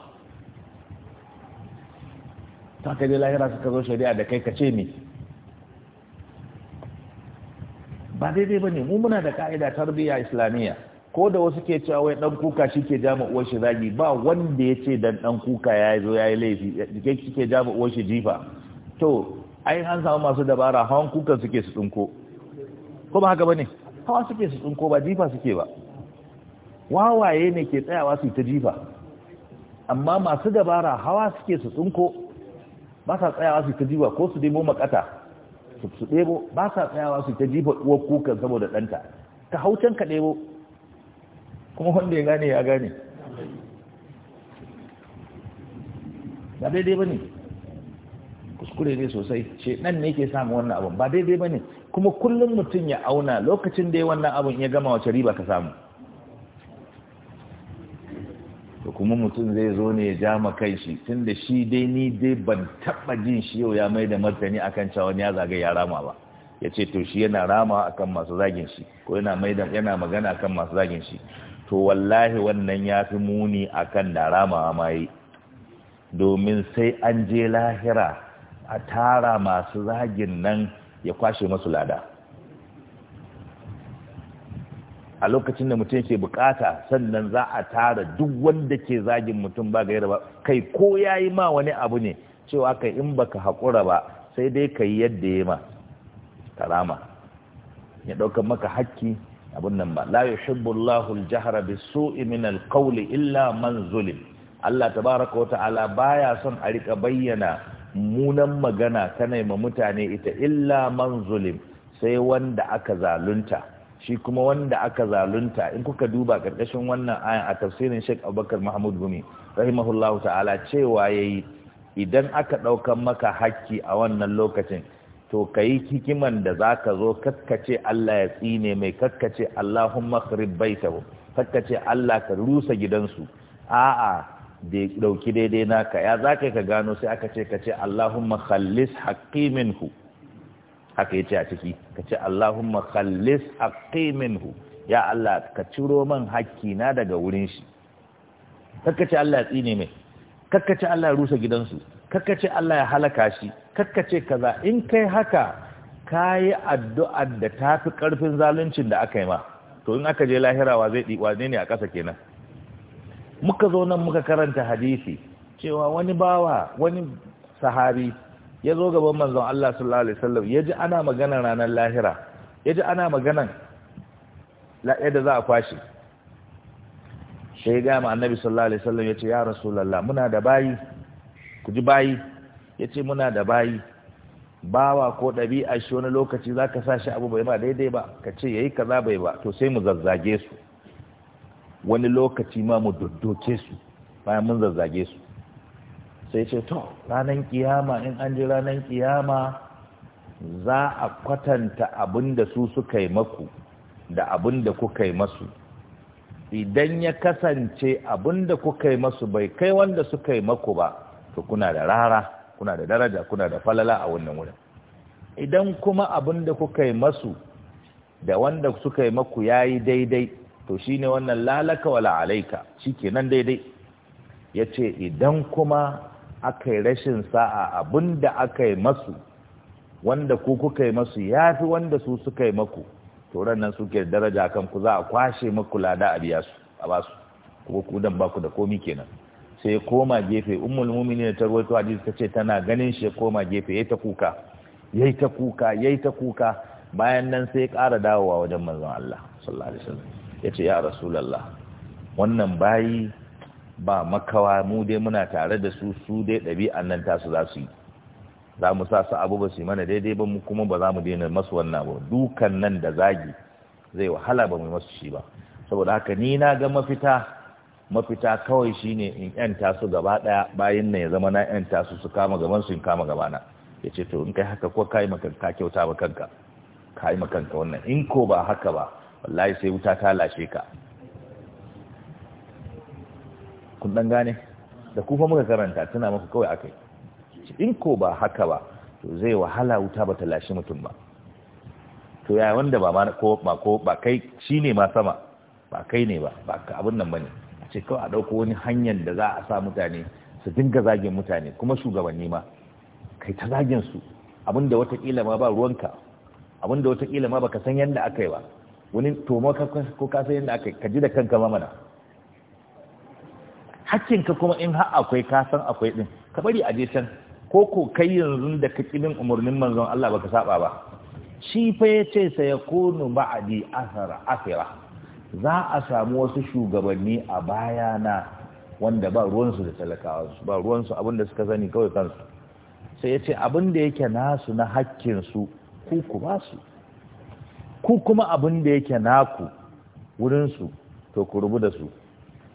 ta ka je lahira suka zo shari'a da kai ka ce me ba daidai ba ne mu muna da ka'ida tarbiyya islamiyya ko da wasu ke cewa wai dan kuka shi ke jama uwar shi zagi ba wanda ya ce dan dan kuka ya zo ya yi laifi da shi ke jama uwar shi jifa to ai an samu masu dabara hawan kukan suke su tsinko ko ba haka bane hawa suke su tsinko ba jifa suke ba wawaye ne ke tsayawa su ta jifa amma masu dabara hawa suke su tsunko ba sa tsayawa su ta jifa ko su debo makata su su debo ba sa tsayawa su ta jifa uwar kukan saboda ɗanta ka haucen ka debo kuma wanda ya gane ya gane ba daidai ba ne kuskure ne sosai ce nan ne ke samun wannan abin ba daidai ba ne kuma kullum mutum ya auna lokacin da ya wannan abin ya gama wace riba ka samu kuma mutum zai zo ne ya ja ma kai shi tun da shi dai ni dai ban taɓa jin shi yau ya mai da martani akan cewa wani ya zaga ya rama ba ya ce to shi yana rama akan masu zagin shi ko yana mai da yana magana akan masu zagin shi to wallahi wannan ya fi muni akan da rama ma yi domin sai an je lahira a tara masu zagin nan ya kwashe masu lada a lokacin da mutum ke bukata sannan za a tara duk wanda ke zagin mutum ba gaira ba kai ko ya yi ma wani abu ne cewa kai in baka haƙura ba sai dai ka yi yadda ya ma karama ya ɗaukar maka haƙƙi abin nan ba la yi Allahu al-jahra sui min alƙawli illa man zulim Allah ta baraka wa ta'ala baya son a rika bayyana munan magana ta ma mutane ita illa man zulim sai wanda aka zalunta shi kuma wanda aka zalunta in kuka duba ƙarƙashin wannan ayan a tafsirin Sheikh Abubakar Mahmud Gumi rahimahullahu ta'ala cewa yayi idan aka ɗaukar maka hakki a wannan lokacin to kai hikiman da zaka zo kakkace Allah ya tsine mai kakkace Allahumma kharib baitahu kakkace Allah ka rusa gidansu a'a da dauki daidai naka ya zaka ka gano sai aka ce kace Allahumma khallis haqqi minhu haka yace a ciki kace Allahumma khallis haqqi minhu ya Allah ka ciro man hakki na daga wurin shi kakkace Allah ya tsine mai kakkace Allah ya rusa gidansu kakkace Allah ya halaka shi kakkace kaza in kai haka kayi addu'ar da tafi karfin zaluncin da aka yi ma to in aka je lahira wa zai diwa ne a kasa kenan muka zo nan muka karanta hadisi cewa wani bawa wani sahabi ya zo gaban manzon Allah sallallahu alaihi wasallam ya ji ana maganar ranar lahira ya ji ana maganar yadda za a kwashe sai ga ma annabi sallallahu alaihi wasallam ya ce ya rasulullah muna da bayi ku ji bayi ya ce muna da bayi bawa ko ɗabi'a shi wani lokaci za ka sa shi abu bai ma daidai ba ka ce ya yi kaza bai ba to sai mu zazzage su wani lokaci ma mu doddoke su bayan mun zazzage su sai ce to ranar kiyama in an ji ranar kiyama za a kwatanta abin da su suka yi maku da abin da kuka yi masu idan ya kasance abin da kuka yi masu bai kai wanda suka yi maku ba to kuna da rara kuna da daraja kuna da falala a wannan wurin idan kuma abin da kuka yi masu da wanda suka yi maku ya yi daidai to shi ne wannan lalaka wala alaika shi kenan daidai ya ce idan kuma aka yi rashin sa'a abin da aka yi masu wanda ku kuka yi masu ya fi wanda su suka yi maku turan nan suke daraja kan ku za a kwashe maku lada a biya su a ba su kuma ku dan baku da komi kenan sai koma gefe ummul mu'minin ta rawaito hadisi ta ce tana ganin shi koma gefe yayi ta kuka yayi ta kuka yayi ta kuka bayan nan sai kara dawowa wajen manzon Allah sallallahu alaihi wasallam yace ya rasulullah wannan bayi ba makawa mu dai muna tare da su su dai ɗabi'an nan tasu za su yi za mu sa su abu ba su mana daidai ba mu kuma ba za mu daina masu wannan ba dukan nan da zagi zai wahala ba mu masu shi ba saboda haka ni na ga mafita mafita kawai shine in 'yan tasu gaba ɗaya bayan na ya zama na 'yan tasu su kama gaban su in kama gabana ya ce to in kai haka ko kai maka ka kyauta ba kanka kai maka kanka wannan in ko ba haka ba wallahi sai wuta ta lashe ka kun dan gane da kufa muka karanta tana maka kawai akai in ko ba haka ba to zai wahala wuta ba ta lashe mutum ba to ya wanda ba ko ba ko ba kai shine ma sama ba kai ne ba ba ka abin nan bane a ce kawai a dauko wani hanyar da za a sa mutane su dinga zagin mutane kuma shugabanni ma kai ta zagin su abinda watakila ma ba ruwanka abinda watakila ma baka san yanda aka yi ba wani to ma ko ka san yanda aka yi ka ji da kanka ma mana hakkinka kuma in har akwai ka akwai din ka bari a je can ko ko kai yanzu da ka kibin umarnin manzon Allah baka saba ba shi fa ya ce yace kunu ba'di asara asira za a samu wasu shugabanni a baya na wanda ba ruwansu da talakawa ba ruwansu abinda suka sani kawai kansu sai ya ce abinda yake nasu na su ku ku ba su ku kuma abinda yake naku wurin su to ku rubu da su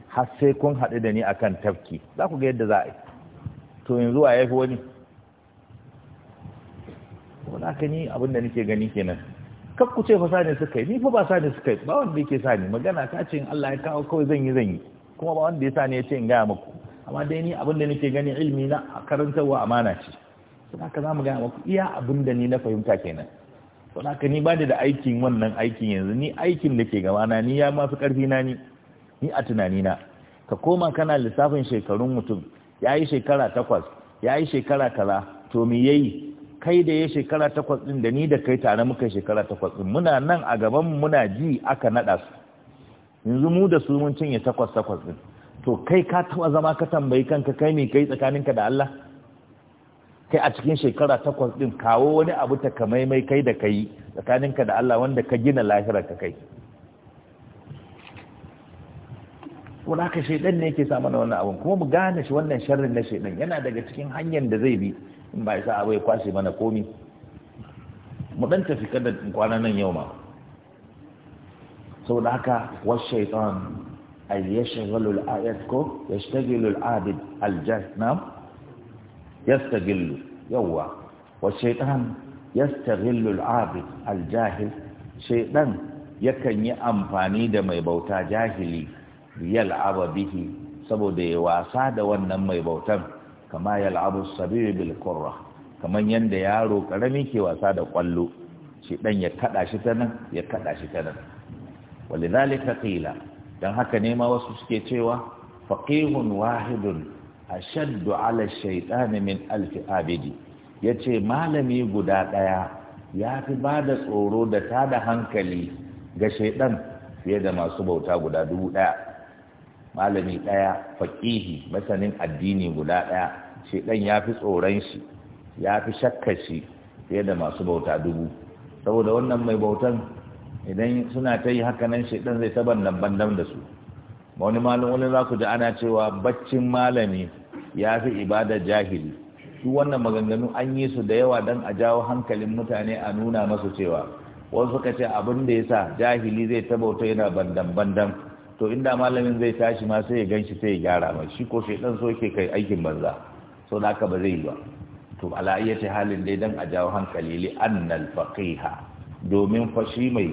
har sai kun haɗu da ni akan tafki za ku ga yadda za a yi to zuwa ya fi wani wala ka ni abin da nake gani kenan kaf ku ce fa sani suka yi ni fa ba sani suka yi ba wanda yake sani magana ta ce in Allah ya kawo kawai zan yi zan yi kuma ba wanda ya sani ya ce in gaya muku amma dai ni abin da nake gani ilmi na karantarwa amana ce don ka za mu gaya muku iya abin da ni na fahimta kenan don ka ni ba da aikin wannan aikin yanzu ni aikin da ke gabana ni ya masu ƙarfi na ni ni a tunanina ka koma kana lissafin shekarun mutum ya yi shekara takwas ya yi shekara kaza to me ya yi kai da ya shekara takwas ɗin da ni da kai tare muka shekara takwas ɗin muna nan a gaban muna ji aka naɗa su yanzu mu da su mun cinye takwas takwas ɗin to kai ka taɓa zama ka tambayi kanka kai me kai tsakaninka da Allah kai a cikin shekara takwas ɗin kawo wani abu ta kamaimai kai da kai tsakaninka da Allah wanda ka gina lahirar ka kai to da haka shaidan ne yake samu na wannan abun kuma mu gane shi wannan sharrin na shaidan yana daga cikin hanyar da zai bi in ba isa abu ya kwashe mana komi mu dan tafi kada kwana nan yau ma saboda haka wa shaitan ay yashghalu al-ayat ko yashtaghilu al-abid al-jahannam yastaghillu yawa wa shaitan yastaghillu al-abid al-jahil shaitan yakan yi amfani da mai bauta jahili yal'aba bihi saboda ya wasa da wannan mai bautan kama yal'abu sabi bil qurra kaman yanda yaro karami ke wasa da kwallo shi dan ya kada shi ta nan ya kada shi ta nan walidhalika qila dan haka ne ma wasu suke cewa faqihun wahidun ashaddu ala ash-shaytan min alf abidi yace malami guda daya ya fi ba da tsoro da tada hankali ga shaidan fiye da masu bauta guda dubu daya malami ɗaya faƙihi masanin addini guda ɗaya ɗan ya fi tsoron shi ya fi shakka shi fiye da masu bauta dubu saboda wannan mai bautan idan suna ta yi haka nan ɗan zai ta bandan bandam da su wani malam wani za ku ji ana cewa baccin malami ya fi ibada jahili su wannan maganganu an yi su da yawa don a jawo hankalin mutane a nuna masu cewa wasu suka ce abin da ya sa jahili zai ta bauta yana bandan bandan to inda malamin zai tashi ma sai ya gan shi sai ya gyara mai shi ko shaidan so yake kai aikin banza so da haka ba zai yi ba to ala ayyati halin dai dan a jawo hankali li annal faqiha domin fashi mai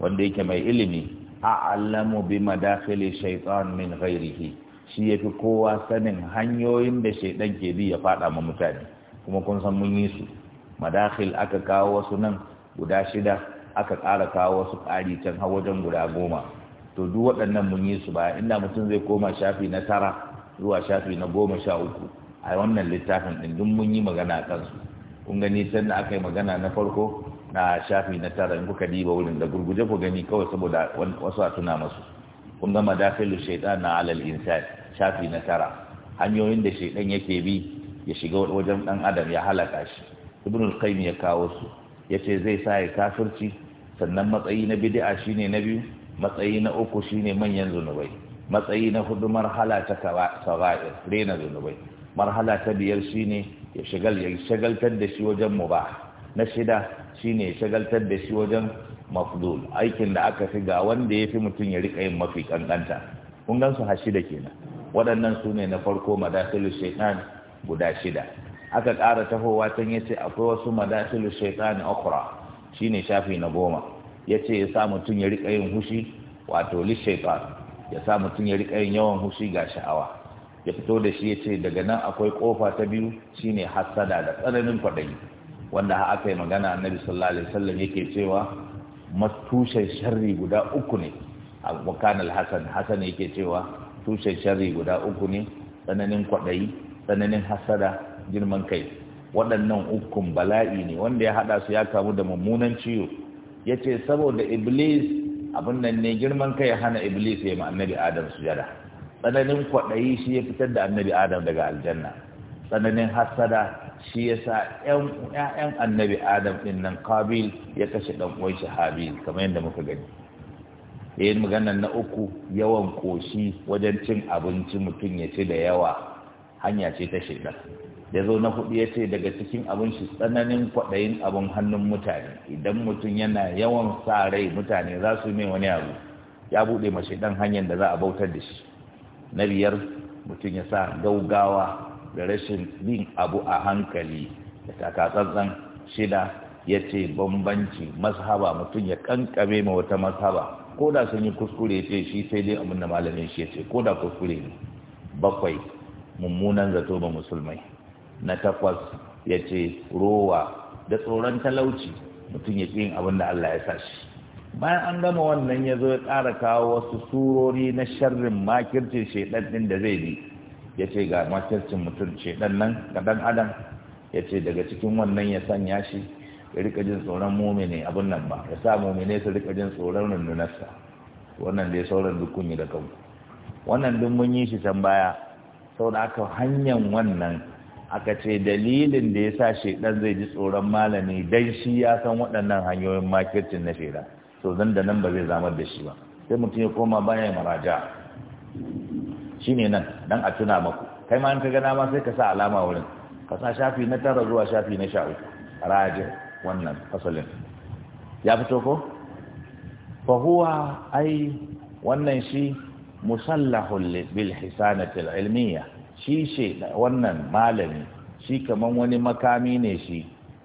wanda yake mai ilimi a allamu bi madakhili shaytan min ghairihi shi yafi kowa sanin hanyoyin da shaidan ke bi ya fada ma mutane kuma kun san mun yi su madakhil aka kawo wasu nan guda shida aka ƙara kawo wasu ƙari can har wajen guda goma to duk waɗannan mun yi su baya inda mutum zai koma shafi na tara zuwa shafi na goma sha uku a wannan littafin ɗin duk mun yi magana a kansu kun gani can da aka yi magana na farko na shafi na tara in kuka diba wurin da gurguje ku gani kawai saboda wasu a tuna masu kun gama dafilu shaidan na alal insan shafi na tara hanyoyin da shaidan yake bi ya shiga wajen ɗan adam ya halaka shi ibnu al ya kawo su yace zai sa ya kafirci sannan matsayi na bid'a shine na biyu matsayi na uku shine manyan zunubai matsayi na hudu marhala ta sawa'ir rena zunubai marhala ta biyar shine ya shagaltar da shi wajen ba na shida shine ya shagaltar da shi wajen mafdul aikin da aka fi ga wanda ya fi mutum ya rika yin mafi kankanta kun gan su hashida kenan waɗannan su ne na farko madasilu shaitan guda shida aka ƙara tahowa can ya ce akwai wasu madasilu shaitan okra shine shafi na goma ya ce ya sa mutum ya riƙa yin hushi wato lishaitan ya sa mutum ya riƙa yin yawan hushi ga sha'awa ya fito da shi ya ce daga nan akwai ƙofa ta biyu shine hassada da tsananin kwaɗayi wanda aka yi magana annabi sallallahu alaihi wasallam yake cewa matushen sharri guda uku ne a wakanal hasan hasan yake cewa tushen sharri guda uku ne tsananin kwaɗayi tsananin hassada girman kai waɗannan ukun bala'i ne wanda ya haɗa su ya kamu da mummunan ciwo ya ce saboda iblis abin nan ne girman kai hana iblis ya yi annabi adam sujada tsananin kwaɗayi shi ya fitar da annabi adam daga aljanna tsananin hasada shi ya sa ‘ya'yan annabi adam ɗin nan kabil ya kashe ɗan shi habil kamar yadda muka gani yayin maganar na uku yawan koshi wajen cin abinci mutum ya ci da yawa hanya ce ta shaidan ya zo na hudu ya ce daga cikin abin shi tsananin kwaɗayin abin hannun mutane idan mutum yana yawan sa rai mutane za su mai wani abu ya buɗe mashi ɗan hanyar da za a bautar da shi na biyar mutum ya sa gaugawa da rashin bin abu a hankali da takatsantsan shida ya ce bambanci mashaba mutum ya kankame ma wata mashaba ko da sun yi kuskure ya ce shi sai dai abin da malamin shi ya ce ko da kuskure ne bakwai mummunan zato ba musulmai na takwas ya ce rowa da tsoron talauci mutum ya ƙin abin da Allah ya sa shi bayan an gama wannan ya zo ya ƙara kawo wasu surori na sharrin makircin shaidan ɗin da zai bi ya ce ga makircin mutum shaidan nan ga ɗan adam ya ce daga cikin wannan ya sanya shi ya rika jin tsoron mumine abin nan ba ya sa mumine su rika jin tsoron rundunarsa wannan dai sauran duk kun yi da kanku wannan duk mun yi shi can baya saboda aka hanyar wannan aka ce dalilin da ya sa shaidan zai ji tsoron malami dai shi ya san waɗannan hanyoyin makircin na shaidan so zan da nan ba zai zamar da shi ba sai mutum ya koma baya maraja shi ne nan dan a tuna maku kai ma ka gana ma sai ka sa alama wurin ka sa shafi na tara zuwa shafi na sha uku rajin wannan fasalin ya fito ko fahuwa ai wannan shi musallahul bil hisanatil ilmiyya shi she wannan malami shi kaman wani makami ne shi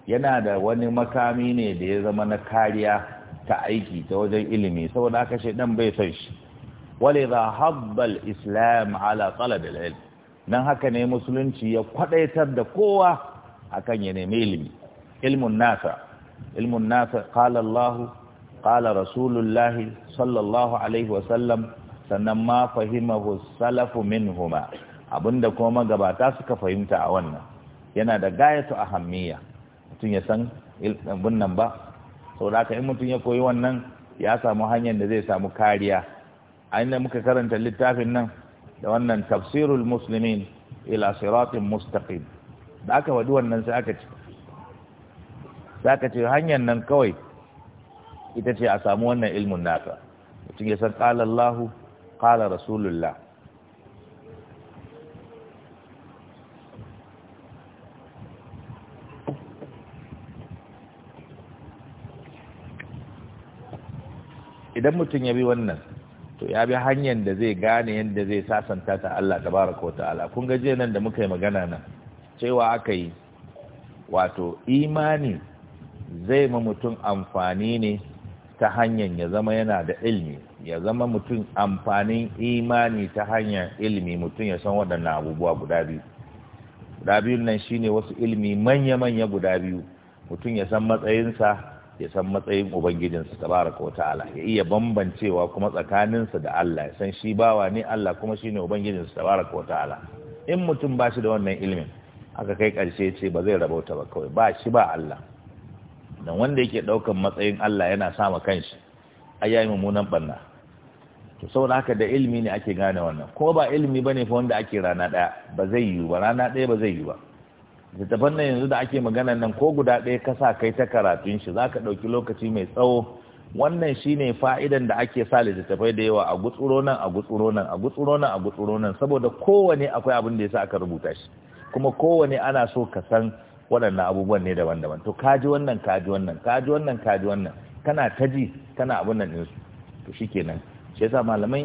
yana da wani makami ne da ya zama na kariya ta aiki ta wajen ilimi saboda shi ɗan bai san shi wale za habbal islam ala talabil ilm nan haka ne musulunci ya kwaɗaitar da kowa akan ya nemi ilimi ilmun nasa ilmun nasa qala Allah qala rasulullahi sallallahu alaihi wasallam sannan ma fahimahu salafu minhuma da kuma magabata suka fahimta a wannan yana da gayatu hamiya mutum ya san ilmin nan ba sau da aka yi mutum ya koyi wannan ya samu hanyar da zai samu kariya a inda muka karanta littafin nan da wannan tafsirul musulmin ila siratin mustaqim da aka wadi wannan sai aka ce sai aka ce hanyar nan kawai ita ce a samu wannan ilmin naka mutum ya san qala Allahu qala rasulullah idan mutum ya bi wannan to ya bi hanyar da zai gane yadda zai sasanta ta Allah tabaraka wata'ala kun gaje nan da muka yi magana nan cewa aka yi wato imani zai ma mutum amfani ne ta hanyar ya zama yana da ilmi ya zama mutum amfanin imani ta hanyar ilmi mutum ya san waɗannan abubuwa guda biyu guda biyun nan shine wasu ilmi manya-manya guda biyu mutum ya san matsayinsa ya san matsayin ubangijinsa tabaraka wa ta'ala ya iya bambancewa kuma tsakaninsa da Allah ya san shi bawa ne Allah kuma shine ubangijinsa tabaraka wa ta'ala in mutum ba shi da wannan ilimin aka kai karshe ce ba zai rabauta ba kawai ba shi ba Allah dan wanda yake daukan matsayin Allah yana sama kanshi ai yayi mummunan banna to saboda haka da ilimi ne ake gane wannan ko ba ilimi bane fa wanda ake rana daya ba zai yi ba rana daya ba zai yi ba littafan nan yanzu da ake magana nan ko guda ɗaya ka sa kai ta karatun shi ka ɗauki lokaci mai tsawo wannan shine fa'idan da ake sa littattafai da yawa a gutsuro nan a gutsuro nan a gutsuro nan a gutsuro nan saboda kowane akwai abin da yasa aka rubuta shi kuma kowane ana so ka san waɗannan abubuwan ne daban-daban to kaji wannan kaji wannan kaji wannan kaji wannan kana taji kana abin nan ɗinsu to shikenan shi yasa malamai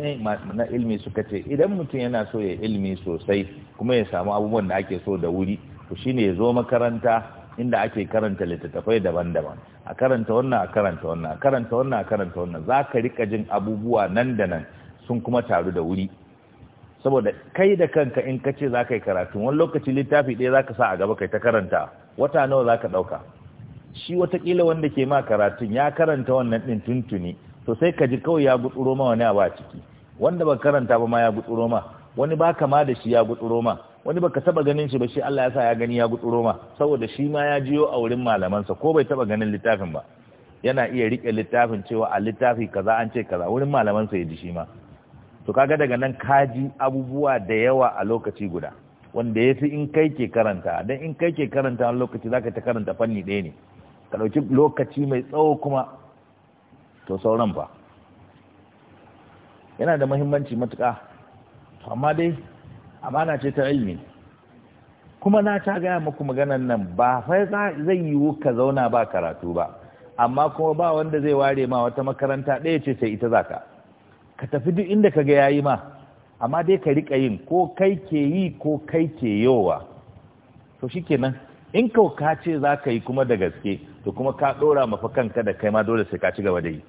na ilimi suka ce idan mutum yana so ya ilimi sosai kuma ya samu abubuwan da ake so da wuri to shine ya zo makaranta inda ake karanta littattafai daban-daban a karanta wannan a karanta wannan a karanta wannan a karanta wannan za ka rika jin abubuwa nan da nan sun kuma taru da wuri saboda kai da kanka in ka ce za ka yi karatu wani lokaci littafi ɗaya za ka sa a gaba kai ta karanta wata nawa za ka ɗauka shi watakila wanda ke ma karatun ya karanta wannan ɗin tuntuni to sai ka ji kawai ya gutsuro ma wani abu a ciki wanda ba karanta ba ma ya gutsuro ma wani ba kama da shi ya gutsuro ma wani baka taba ganin shi ba shi Allah ya sa ya gani ya gutsuro ma saboda shi ma ya jiyo a wurin malamansa ko bai taba ganin littafin ba yana iya rike littafin cewa a littafi kaza an ce kaza wurin malamansa ya ji shi ma to kaga daga nan kaji abubuwa da yawa a lokaci guda wanda ya in kai ke karanta don in kai ke karanta a lokaci za ta karanta fanni ɗaya ne ka ɗauki lokaci mai tsawo kuma to sauran fa yana da mahimmanci matuƙa amma dai amana ce ta ilimi kuma na ta gaya muku maganan nan ba fai zai yiwu ka zauna ba karatu ba amma kuma ba wanda zai ware ma wata makaranta ɗaya ce sai ita zaka ka tafi duk inda ka ga yayi ma amma dai ka rika yin ko kai ke yi ko kai ke yowa to shikenan in kau ka ce za ka yi kuma da gaske to kuma ka ɗora mafi kanka da kai ma dole sai ka ci gaba da yi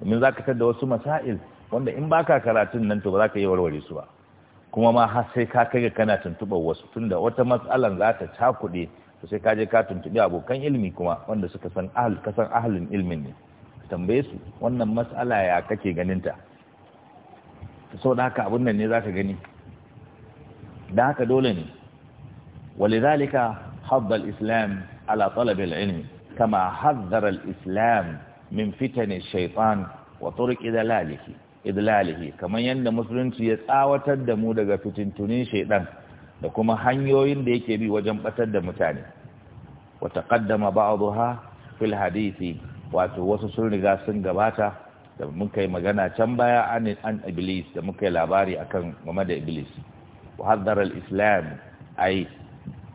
domin za ka tar da wasu masail wanda in baka karatun nan to ba za ka yi warware su ba kuma ma har sai ka kai ga kana tuntuɓar wasu tunda wata matsalan za ta cakuɗe to sai ka je ka tuntuɓi abokan ilimi kuma wanda suka san ahal ka san ahalin ilmin ne tambaye su wannan matsala ya kake ganin ta saboda haka abun nan ne zaka gani da haka dole ne walidhalika zalika al-islam ala talab al kama hazzaral islam min fitan ash-shaytan idlalihi kamar yadda musulunci ya tsawatar da mu daga fitintunin shaidan da kuma hanyoyin da yake bi wajen batar da mutane wa taqaddama ba'dha fil hadisi wato wasu sun riga sun gabata da muka magana can baya an an iblis da muka yi labari akan game da iblis wa al-islam ai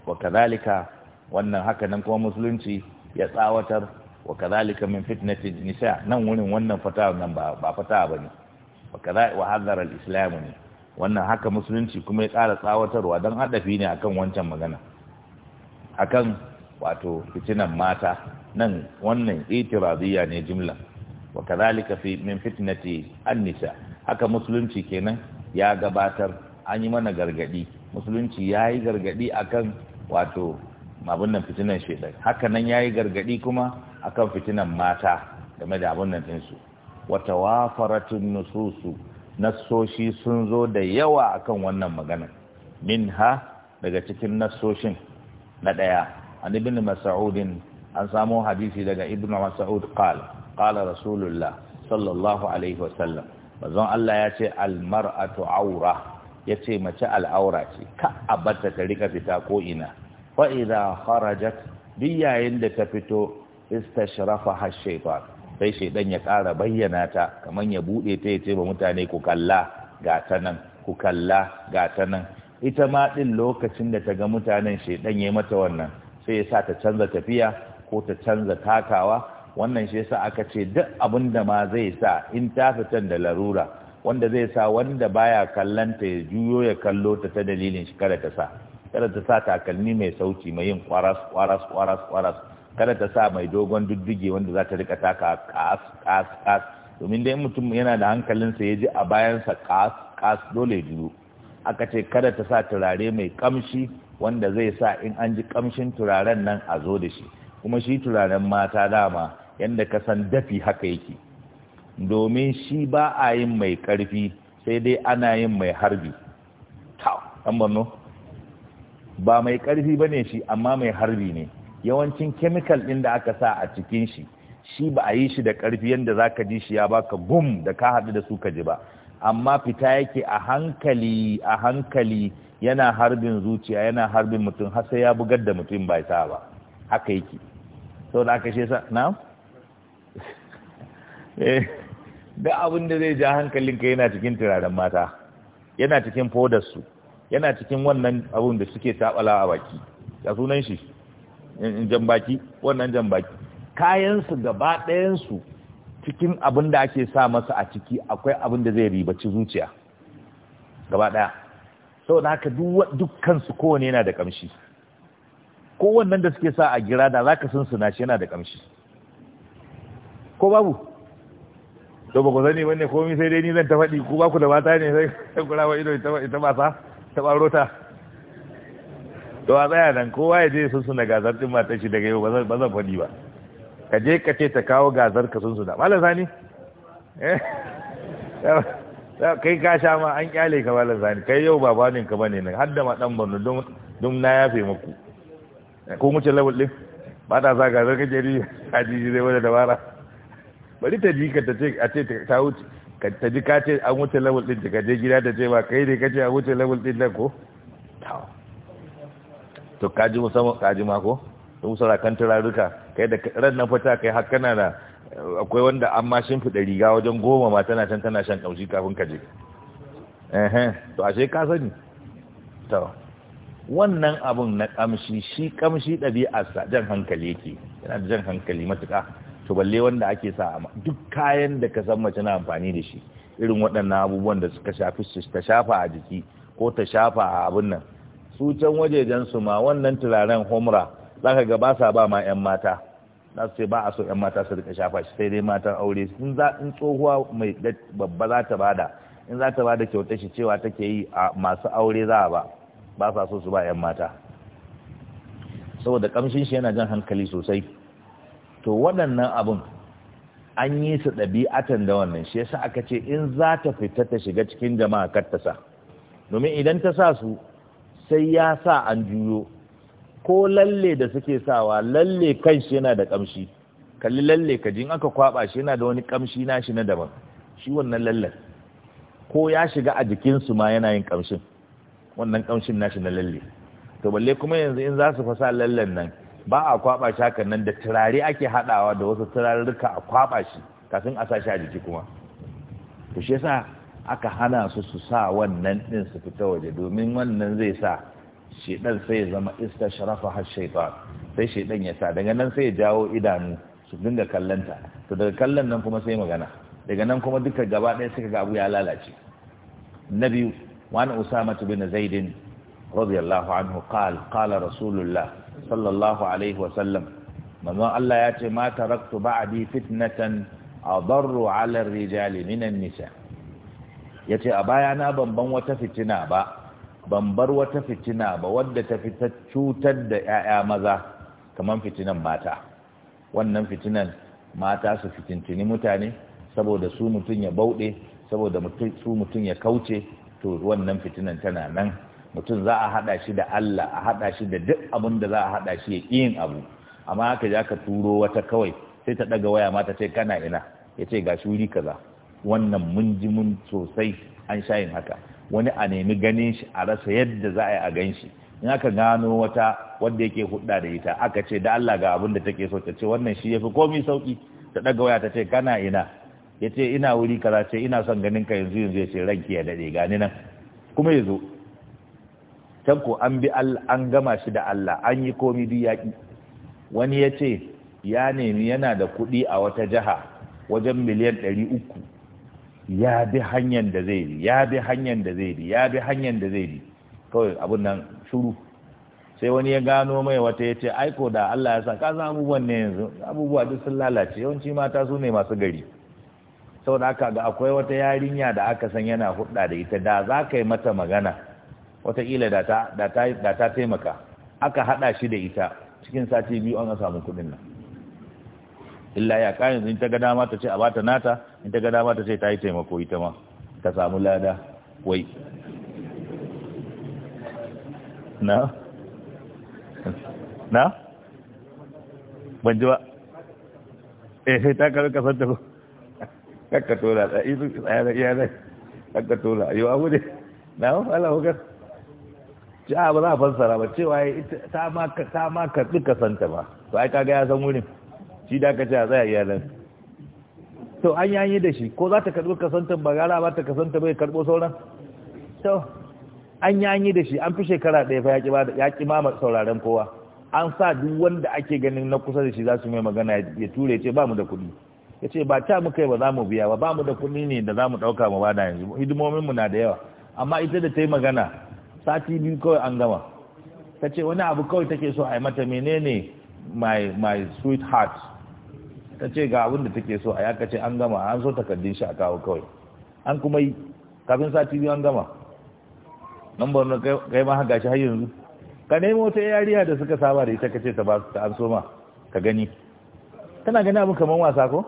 wa kadhalika wannan haka nan kuma musulunci ya tsawatar wa kadhalika min fitnatin nisa nan wurin wannan fata nan ba ba fata bane wakada wa hadara al-islam ne wannan haka musulunci kuma ya tsara tsawatarwa don haɗafi ne akan wancan magana akan wato fitinan mata nan wannan itiradiyya ne jimla wa kadhalika fi min fitnati an-nisa haka musulunci kenan ya gabatar an yi mana gargadi musulunci ya yi gargadi akan wato abin nan fitinan shedan haka nan ya yi gargadi kuma akan fitinan mata game da abin nan ɗinsu wata wafaratun nususu nassoshi sun zo da yawa akan wannan magana min ha daga cikin nassoshin na ɗaya an ibn mas'udin an samo hadisi daga ibn mas'ud qala qala rasulullah sallallahu alaihi wasallam bazon Allah ya ce almar'atu aura ya ce mace al'aura ce ka abata ta rika fita ko ina fa idza kharajat biyayin da ta fito istashrafa hashaytan sai shaidan ya kara bayyana ta kamar ya buɗe ta ya ce ba mutane ku kalla ga ta nan ku kalla ga ta nan ita ma ɗin lokacin da ta ga mutanen shaidan ya mata wannan sai ya sa ta canza tafiya ko ta canza takawa wannan shi yasa aka ce duk abin da ma zai sa in ta fitan da larura wanda zai sa wanda baya kallon ta ya juyo ya kallo ta ta dalilin shi kada ta sa kada ta sa takalmi mai sauti mai yin kwaras kwaras kwaras kwaras kada ta sa mai dogon duddige wanda za ta rika taka kas kas kas domin dai mutum yana da hankalinsa ya ji a bayansa kas kas dole biyu aka ce kada ta sa turare mai kamshi wanda zai sa in an ji kamshin turaren nan a zo da shi kuma shi turaren mata dama yadda ka san dafi haka yake domin shi ba a yin mai karfi sai dai ana yin mai harbi ta ba mai karfi ba ne shi amma mai harbi ne yawancin kemikal ɗin da aka sa a cikin shi shi ba a yi shi da ƙarfi yadda za ka ji shi ya baka gum da ka haɗu da su ka ji ba amma fita yake a hankali a hankali yana harbin zuciya yana harbin mutum har sai ya bugar da mutum bai sa ba haka yake sau da aka shesa na da abin da zai ja ka yana cikin turaren mata yana cikin fodarsu yana cikin wannan abun da suke taɓala a baki ya sunan shi jambaki wannan jambaki kayansu gaba ɗayansu cikin abin da ake sa masa a ciki akwai abin da zai ribaci zuciya gaba ɗaya sau da haka dukkansu kowane yana da ƙamshi kowane da suke sa a gira da za ka sun suna shi yana da kamshi ko babu to ba ku zane wanne komi sai dai ni zan ta faɗi ku ba ku da mata ne sai kura wa ido ita ba sa taɓa rota. to a tsaya nan kowa ya je sun suna gazar din matar shi daga yau ba zan faɗi ba ka je ka ce ta kawo gazar ka sun suna malam sani eh? kai ka sha ma an kyale ka malam sani kai yau ba banin ka bane nan har da ma dan Borno dum na yafe muku ko muke ce level din ba ta sa gazar je ri ajiji zai wani dabara bari ta ji ka ta ce a ce ta wuce ka ta ji ka ce an wuce level din ka je gida ta ce ba kai ne ka ce an wuce level din nan ko to kaji musamman kaji mako don musa kan turaruka kai da ran nan fata kai har kana da akwai wanda an ma shimfiɗa riga wajen goma ma tana can tana shan ƙaushi kafin ka je to ashe ka sani to wannan abun na kamshi shi kamshi sa jan hankali yake yana da jan hankali matuƙa to balle wanda ake sa duk kayan da ka san mace na amfani da shi irin waɗannan abubuwan da suka shafi ta shafa a jiki ko ta shafa a abin nan su can wajejen su ma wannan turaren humra zaka ga ba sa ba ma yan mata za su ce ba a so yan mata su rika shafa shi sai dai matan aure sun za in tsohuwa mai babba za ta bada in za ta bada kyauta shi cewa take yi a masu aure za a ba ba sa so su ba yan mata saboda kamshin shi yana jan hankali sosai to waɗannan abun an yi su ɗabi'atan da wannan shi yasa aka ce in za ta fita ta shiga cikin jama'a kar ta sa domin idan ta sa su sai ya sa an juyo ko lalle da suke sawa lalle kanshi yana da kamshi kalli lalle ka jin aka kwaba shi yana da wani kamshi nashi na daban shi wannan lallen ko ya shiga a jikinsu ma yana yin kamshin wannan kamshin nashi na lalle to balle kuma yanzu in za su fasa lallen nan ba a kwaba shi hakan nan da turare ake hadawa da wasu turarurruka a kwaba shi kafin a sa shi a jiki kuma to shi yasa aka hana su su sa wannan ɗin su fita waje domin wannan zai sa shedan sai ya zama sharafa har shaytan sai shedan ya sa daga nan sai ya jawo idanu su dinga kallanta to daga kallon nan kuma sai magana daga nan kuma duka gaba ɗaya suka ga abu ya lalace na biyu wani usama bin zaidin radiyallahu anhu qal qala rasulullah sallallahu alaihi wasallam manzon Allah ya ce ma taraktu ba'di fitnatan adarru ala rijali minan nisa ya ce a baya na ban wata fitina ba ban bar wata fitina ba wadda ta fi ta cutar da 'ya'ya maza kamar fitinan mata wannan fitinan mata su fitintini mutane saboda su mutum ya bauɗe saboda su mutum ya kauce to wannan fitinan tana nan mutum za a haɗa shi da Allah a haɗa shi da duk abin da za a haɗa shi ya yin abu amma haka ja ka turo wata kawai sai ta ɗaga waya mata ta ce kana ina ya ce ga shuri kaza wannan mun ji mun sosai an sha yin haka wani a nemi ganin shi a rasa yadda za a yi a gan shi in aka gano wata wadda yake hudda da ita aka ce da Allah ga abin da take so ta ce wannan shi yafi komai sauki ta daga waya ta ce kana ina ya ce ina wuri kaza ce ina son ganin ka yanzu yanzu ya ce ranki ya dade gani nan kuma yazo can ko an bi an gama shi da Allah an yi komai duk yaki wani ce ya nemi yana da kuɗi a wata jaha wajen miliyan ɗari uku ya bi hanyar da zai bi ya bi hanyar da zai bi ya bi hanyar da zai bi kawai abun nan shuru sai wani ya gano mai wata ya ce aiko da Allah ya sa ka san abubuwan ne yanzu abubuwa duk sun lalace yawanci mata su ne masu gari saboda aka ga akwai wata yarinya da aka san yana hudda da ita da za ka yi mata magana watakila da ta taimaka aka haɗa shi da ita cikin sati biyu an samu kuɗin nan illa ya sun ta ga dama ta ce a bata nata in ta gada dama ta ce ta yi taimako ita ma ta samu lada wai na na ban ji ba eh ta karu kasar ta kakka tola da isu tsaya da iyalai kakka tola yi wa hude na ala hukar ci a ba za a fansara ba cewa ta ma karɓi kasanta ba to ai kaga ya san wurin shi da aka ce a tsaya iyalan to an yayi da shi ko za ta karɓi ba bagara ba ta kasanta bai karɓo sauran to an yayi da shi an fi shekara ɗaya fa ya ma sauraren kowa an sa duk wanda ake ganin na kusa da shi za su mai magana ya ture ce ba mu da kuɗi ya ce ba ta mu kai ba za mu biya ba ba mu da kuɗi ne da za mu ɗauka mu bada yanzu mu na da yawa amma ita da ta yi magana sati biyu kawai an gama ta ce wani abu kawai take so a yi mata menene my my sweetheart ta ce ga abin da take so a ya kace an gama an so takaddun shi a kawo kawai an kuma yi kafin sati biyu an gama nan na kai ma haka shi har yanzu ka nemo wata yariya da suka saba da ita ka ce ta ba ta an so ma ka gani tana gani abin kamar wasa ko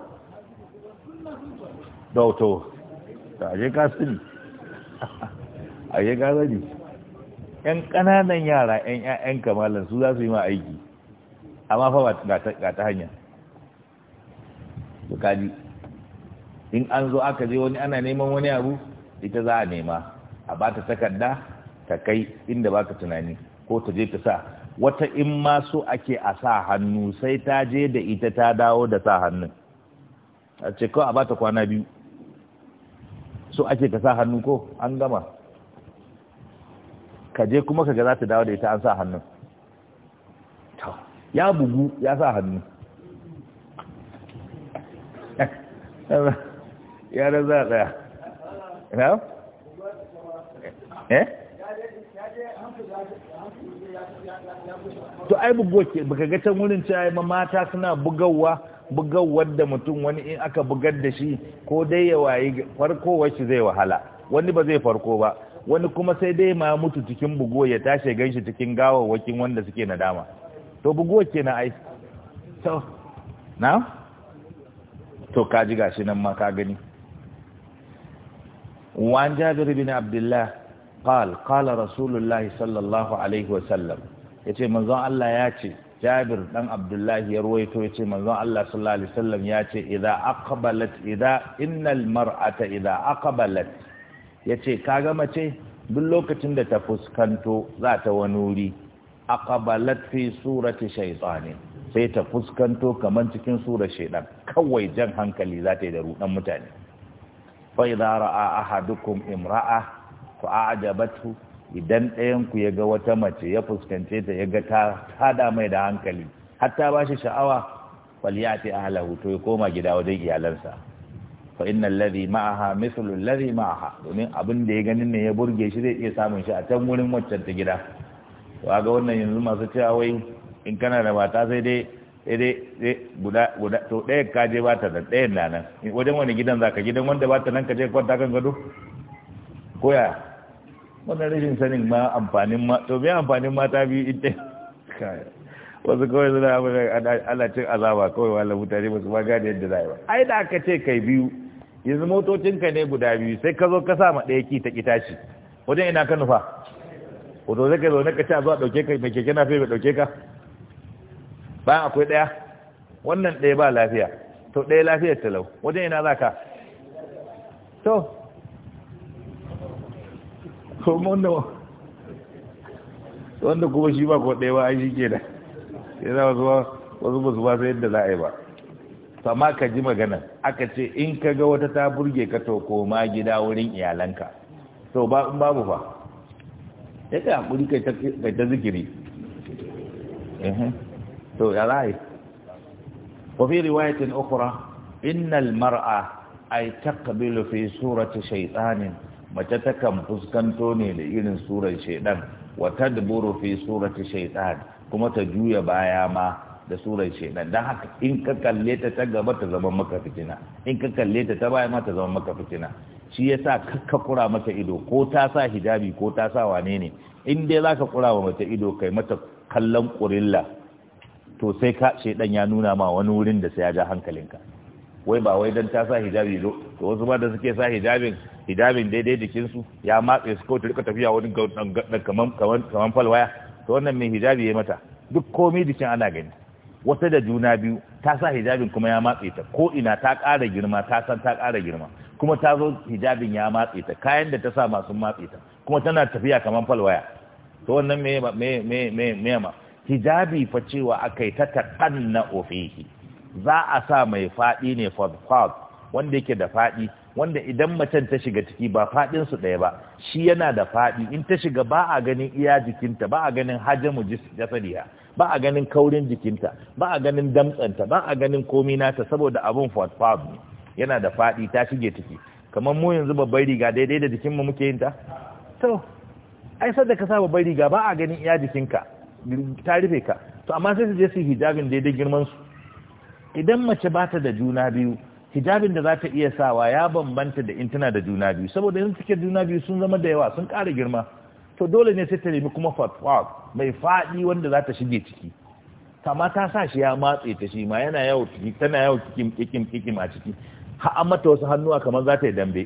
dauto ta je ka sani [laughs] je ka sani yan ƙananan yara yan ƴaƴan kamalan su za su yi ma aiki amma fa ba ta hanya to kaji in an zo aka je wani ana neman wani abu ita za a nema a ba ta takarda ta kai inda ba ka tunani ko ta je ta sa wata in ma so ake a sa hannu sai ta je da ita ta dawo da sa hannun a ce kawai a ba ta kwana biyu so ake ka sa hannu ko an gama ka je kuma ka ga za ta dawo da ita an sa hannun ya bugu ya sa hannu yaran za a tsaya ya eh? to ai bugoke baka ga can wurin ci ma mata suna bugawa bugawar da mutum wani in aka bugar da shi ko dai ya wayi farko wacce zai wahala wani ba zai farko ba wani kuma sai dai ma mutu cikin bugo ya tashi gan shi cikin wakin wanda suke nadama to bugo ke na ai to na to ka ji gashi nan ma ka gani Wan Jabir bin عبد الله قال قال sallallahu alaihi صلى الله yace manzon Allah ya ce Jabir dan Abdullah ya ruwaito yace manzon Allah sallallahu alaihi wasallam ya ce idza aqbalat idza innal mar'ata idza aqbalat yace kaga mace duk lokacin da ta fuskanto za ta wani wuri aqbalat fi surati shaytanin sai ta fuskanto kamar cikin surar shaidan kawai jan hankali za ta yi da rudan mutane fa idza ra'a ahadukum imra'a fa a'jabathu idan ɗayan ku ya ga wata mace ya fuskance ta ya ga ta hada mai da hankali hatta ba shi sha'awa falyati ahlahu to ya koma gida wajen iyalansa fa innal ladhi ma'aha mithlu alladhi ma'aha domin abin da ya ganin ne ya burge shi zai iya samun shi a can wurin waccan ta gida to ga wannan yanzu masu cewa wai in kana da mata sai dai sai dai guda guda to ɗaya ka je ba ta da ɗayan na nan wajen wani gidan za ka gidan wanda ba ta nan ka je kwanta kan gado koya wannan rashin sanin ma amfanin ma to biya amfanin mata biyu ita kaya wasu kawai suna ana cin azaba kawai wala mutane ba su ma gane yadda za ba ai da aka ce kai biyu yanzu motocinka ne guda biyu sai ka zo ka sa ma ɗaya ki ta ki tashi wajen ina ka nufa wato zai ka zo na ka ci a zuwa ɗauke ka mai keke na fe bai ɗauke ka bayan akwai ɗaya wannan ɗaya ba lafiya to ɗaya lafiyar talau wajen ina za ka to wanda kuma shi ba ko ɗaya ba a shi ke da ya za wasu ba su ba su yadda za a yi ba sama ka ji magana aka ce in ka ga wata ta burge ka to koma gida wurin iyalanka to ba in babu fa ya ka haƙuri kai ta zikiri to ya zai wa fi ukhra innal mar'a ay taqbilu fi surati shaytanin mace takan fuskanto ne da irin surar shaidan wa tadburu fi surati shaitan kuma ta juya baya ma da surar shaidan dan haka in ka kalle ta ta gaba ta zama maka fitina in ka kalle ta ta baya ma ta zama maka fitina shi ya sa ka kura mata ido ko ta sa hijabi ko ta sa wane ne in dai za ka kura wa mata ido kai mata kallon kurilla to sai ka shedan ya nuna ma wani wurin da sai ya ja hankalinka wai ba wai dan ta sa hijabi zo to wasu ma da suke sa hijabin hijabin daidai su ya matse su kawai ta rika tafiya wani kaman kaman falwaya to wannan mai hijabi ya mata duk komai jikin ana gani wata da juna biyu ta sa hijabin kuma ya matse ta ko ina ta ƙara girma ta san ta ƙara girma kuma ta zo hijabin ya matse ta kayan da ta sa masu matse ta kuma tana tafiya kaman falwaya to wannan me me me me me ma hijabi fa cewa akai ta taqanna ofishi, za a sa mai faɗi ne fadfad wanda yake da faɗi wanda idan macen ta shiga ciki ba faɗin su ɗaya ba shi yana da faɗi in ta shiga ba a ganin iya jikinta ba a ganin hajamu jasadiya ba a ganin kaurin jikinta ba a ganin damtsanta ba a ganin komi nata saboda abun fadfad ne yana da faɗi ta shige ciki kamar mu yanzu babbar riga daidai da jikinmu muke yin ta to ai sadda ka sa babbar riga ba a ganin iya jikinka ta rufe ka to amma sai su je su yi hijabin daidai girman su idan mace ba ta da juna biyu hijabin da za ta iya sawa ya bambanta da in da juna biyu saboda yanzu suke juna biyu sun zama da yawa sun ƙara girma to dole ne sai ta nemi kuma fatwa mai faɗi wanda za ta shige ciki kama ta sa shi ya matse ta shi ma yana yau tana yau kikim kikim kikim a ciki ha mata wasu hannuwa kamar za ta yi dambe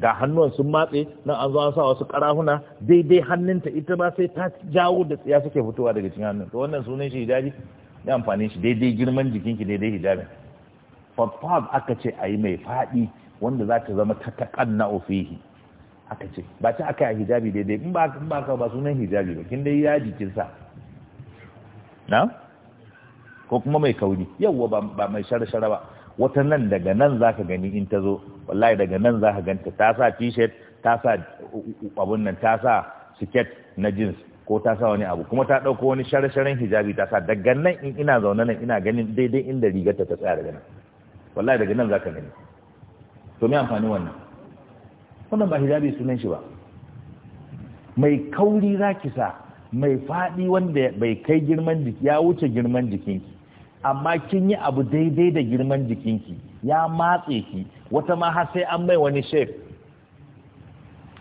ga hannuwan sun matse nan an zo an sa wasu karahuna daidai hannunta ita ba sai ta jawo da tsiya suke fitowa daga cikin hannun to wannan sunan shi hijabi ya amfani shi daidai girman jikin ki daidai hijabi fatfad aka ce a yi mai faɗi wanda za ta zama ta taƙanna ofihi aka ce ba ta aka yi hijabi daidai in ba ka ba sunan hijabi ba kin dai ya jikin sa na ko kuma mai kauri yawwa ba mai shara ba wata nan daga nan za ka gani in ta zo wallahi daga nan za ka ganta ta sa t-shirt ta sa abun nan ta sa siket na jeans ko ta sa wani abu kuma ta ɗauko wani share-sharen hijabi ta sa daga nan in ina zaune nan ina ganin daidai inda rigarta ta tsaya daga nan wallahi daga nan za ka gani to me amfani wannan wannan ba hijabi sunan shi ba mai kauri za ki sa mai faɗi wanda bai kai girman jiki ya wuce girman jikinki amma kin yi abu daidai da girman jikinki ya matse ki wata ma har sai an mai wani shape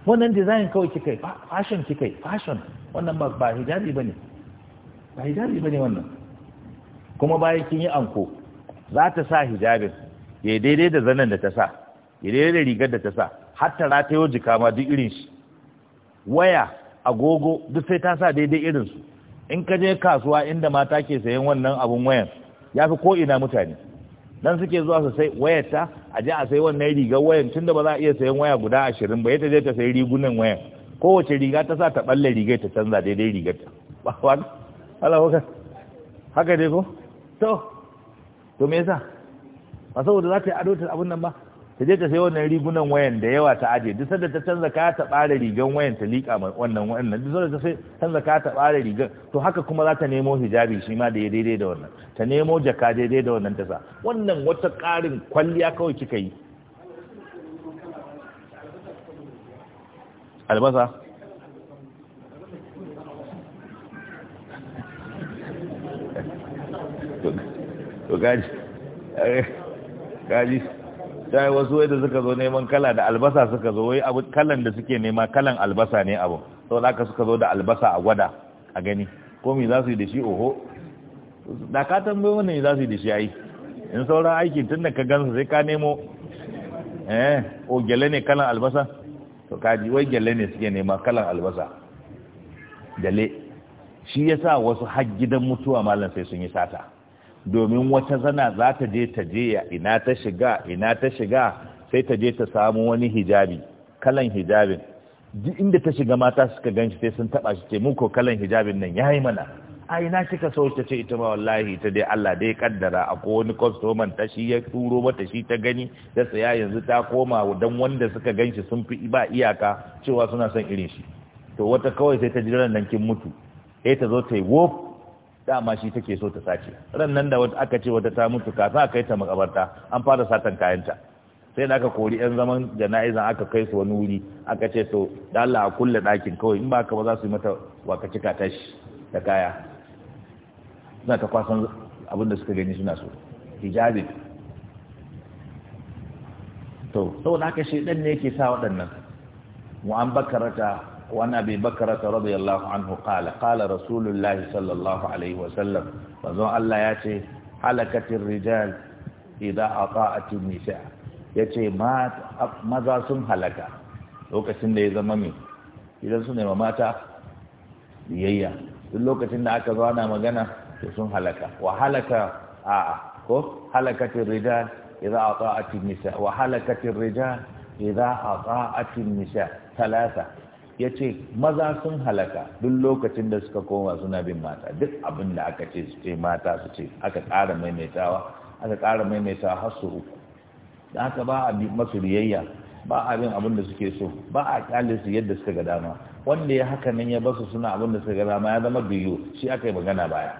wannan design kawai kika yi fashion kika yi fashion wannan ba ba hijabi bane ba hijabi bane wannan kuma bayan kin yi anko za ta sa hijabin ya daidai da zanen da ta sa ya daidai da rigar da ta sa har ta ratayo jika ma duk irin shi waya agogo duk sai ta sa daidai irin su in ka je kasuwa inda mata ke sayan wannan abun wayan ya fi ko ina mutane nan suke zuwa su sai wayarta a ji a sai wannan rigar wayan tunda ba za a iya sayan waya guda ashirin ba yadda zai ta sai rigunan wayan kowace riga ta sa ta balle rigar ta canza daidai rigar ta ba ala hukar haka dai ko to to me yasa ba saboda za ka yi ado ta abin nan ba ta je ta sai wannan rigunan wayan da yawa ta aje duk sanda ta canza kaya ta bare rigan wayan ta liƙa wannan wannan duk sanda ta sai canza kaya ta bare rigan to haka kuma za ta nemo hijabi shi ma da ya daidai da wannan ta nemo jaka daidai da wannan ta sa wannan wata ƙarin kwalliya kawai kika yi albasa [laughs] to gaji eh, gaji ta yi wasu wai da suka zo neman kala da albasa suka zo wai abu kalan da suke nema kalan albasa ne abu sau da aka suka zo da albasa a gwada a gani ko mi za su yi da shi oho da ka tambayi wannan za su yi da shi ai in sauran aiki tun da ka gansu sai ka nemo eh o gele ne kalan albasa to kaji wai gele ne suke nema kalan albasa dale shi yasa wasu har gidan mutuwa malam sai sun yi sata domin wata zana za ta je ta je ina ta shiga ina ta shiga sai ta je ta samu wani hijabi kalan hijabin duk inda ta shiga mata suka gan shi sai sun taba shi ce muku kalan hijabin nan yayi mana a ina kika so ta ce ita ma wallahi ta dai Allah dai kaddara a ko wani customer ta shi ya turo mata shi ta gani ta saya yanzu ta koma dan wanda suka ganshi sun fi ba iyaka cewa suna son irin shi to wata kawai sai ta ji nan kin mutu sai ta zo ta yi wof dama shi take so ta sace ran nan da aka ce wata ta mutu kafin a kai ta makabarta an fara satan kayanta sai da aka kori yan zaman jana'izan aka kai su wani wuri aka ce to da Allah a kulle ɗakin kawai in ba ka ba za su yi mata waka cika tashi da kaya suna ta kwasan abin da suka gani suna so hijabi to saboda haka shi ɗan ne yake sa waɗannan mu an bakarata وعن أبي بكرة رضي الله عنه قال قال رسول الله صلى الله عليه وسلم وزن الله ياتي حلكت الرجال إذا أطاعت النساء ياتي مات ماذا سن حلكة لوكسن ده زمامي إذا سن ماتا بيئيا لوكسن ده أكبانا مغانا سن حلكة وحلكة آه حلكت الرجال إذا أطاعت النساء وحلكت الرجال إذا أطاعت النساء ثلاثة ya ce maza sun halaka duk lokacin da suka koma suna bin mata duk abin da aka ce su ce mata su ce aka ƙara maimaitawa aka ƙara maimaitawa har su uku da haka ba a bi masu riyayya ba a bin abin da suke so ba a kyale su yadda suka ga dama wanda ya haka nan ya basu suna abin da suka ga dama ya zama biyu shi aka yi magana baya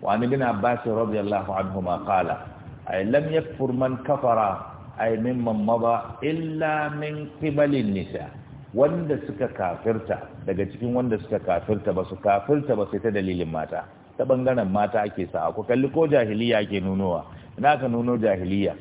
wa ni bin abbas radiyallahu anhu ma qala ay lam yakfur man kafara ay mimman mada illa min qibalin nisa' wanda suka kafirta daga cikin wanda suka kafirta ba su kafirta ba sai ta dalilin mata ta bangaren mata ake sa ku kalli ko jahiliya ke nunowa ina ka nuno jahiliya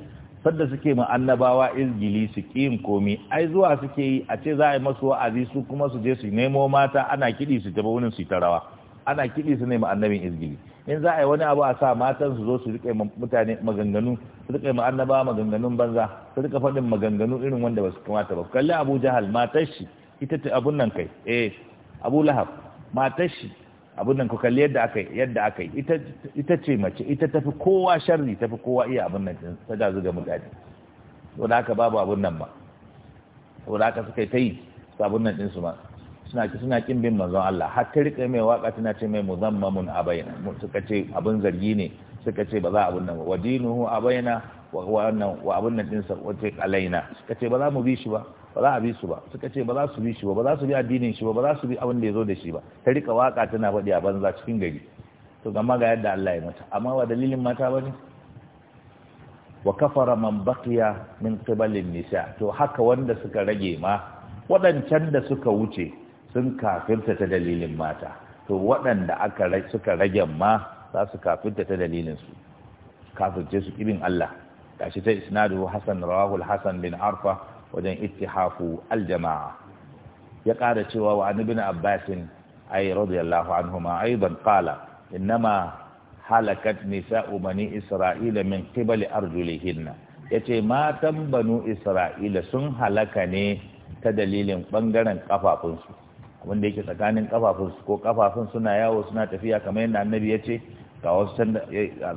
sadda suke ma annabawa izgili su kiyin komi ai zuwa suke yi a ce za a yi masu wa'azi su kuma su je su nemo mata ana kiɗi su tafi su ta rawa ana kiɗi su nema annabin izgili in za a yi wani abu a sa matan su zo su rike mutane maganganu su rike ma annaba maganganun banza su rika faɗin maganganu irin wanda ba su kamata ba kalli abu jahal matar shi ita ta abun nan kai eh abu lahab matar shi abun nan ku kalli yadda aka yi yadda aka yi ita ce mace ita tafi kowa sharri tafi kowa iya abun nan din ta da zuga mutane saboda haka babu abun nan ba saboda haka suka yi ta yi abun nan din su ma suna ki suna kin bin manzon Allah har ta rike mai waka tana ce mai muzammamun abaina suka ce abin zargi ne suka ce ba za abun nan wa dinuhu abaina wa wa abun nan din sa wace alaina suka ce ba za mu bi shi ba ba za a bi su ba suka ce ba za su bi shi ba ba za su bi addinin shi ba ba za su bi abin da ya zo da shi ba ta rika waka tana faɗi a banza cikin gari to gama ga yadda Allah ya mata amma ba dalilin mata ba ne wa kafara man baqiya min qibalin nisa to haka wanda suka rage ma waɗancan da suka wuce sun kafirta ta dalilin mata to waɗanda aka suka rage ma za su kafirta ta dalilin su kafirce su ibin Allah shi ta isnadu Hassan rawahul Hassan bin Arfa wajen ittihafu aljama'a ya ƙara cewa wa bin Abbas ay radiyallahu anhuma aidan qala innama halakat nisa'u bani isra'ila min qibali arjulihinna yace matan banu isra'ila sun halaka ne ta dalilin bangaren kafafunsu wanda yake tsakanin kafafun ko kafafun suna yawo suna tafiya kamar yadda annabi ya ce ga wasu can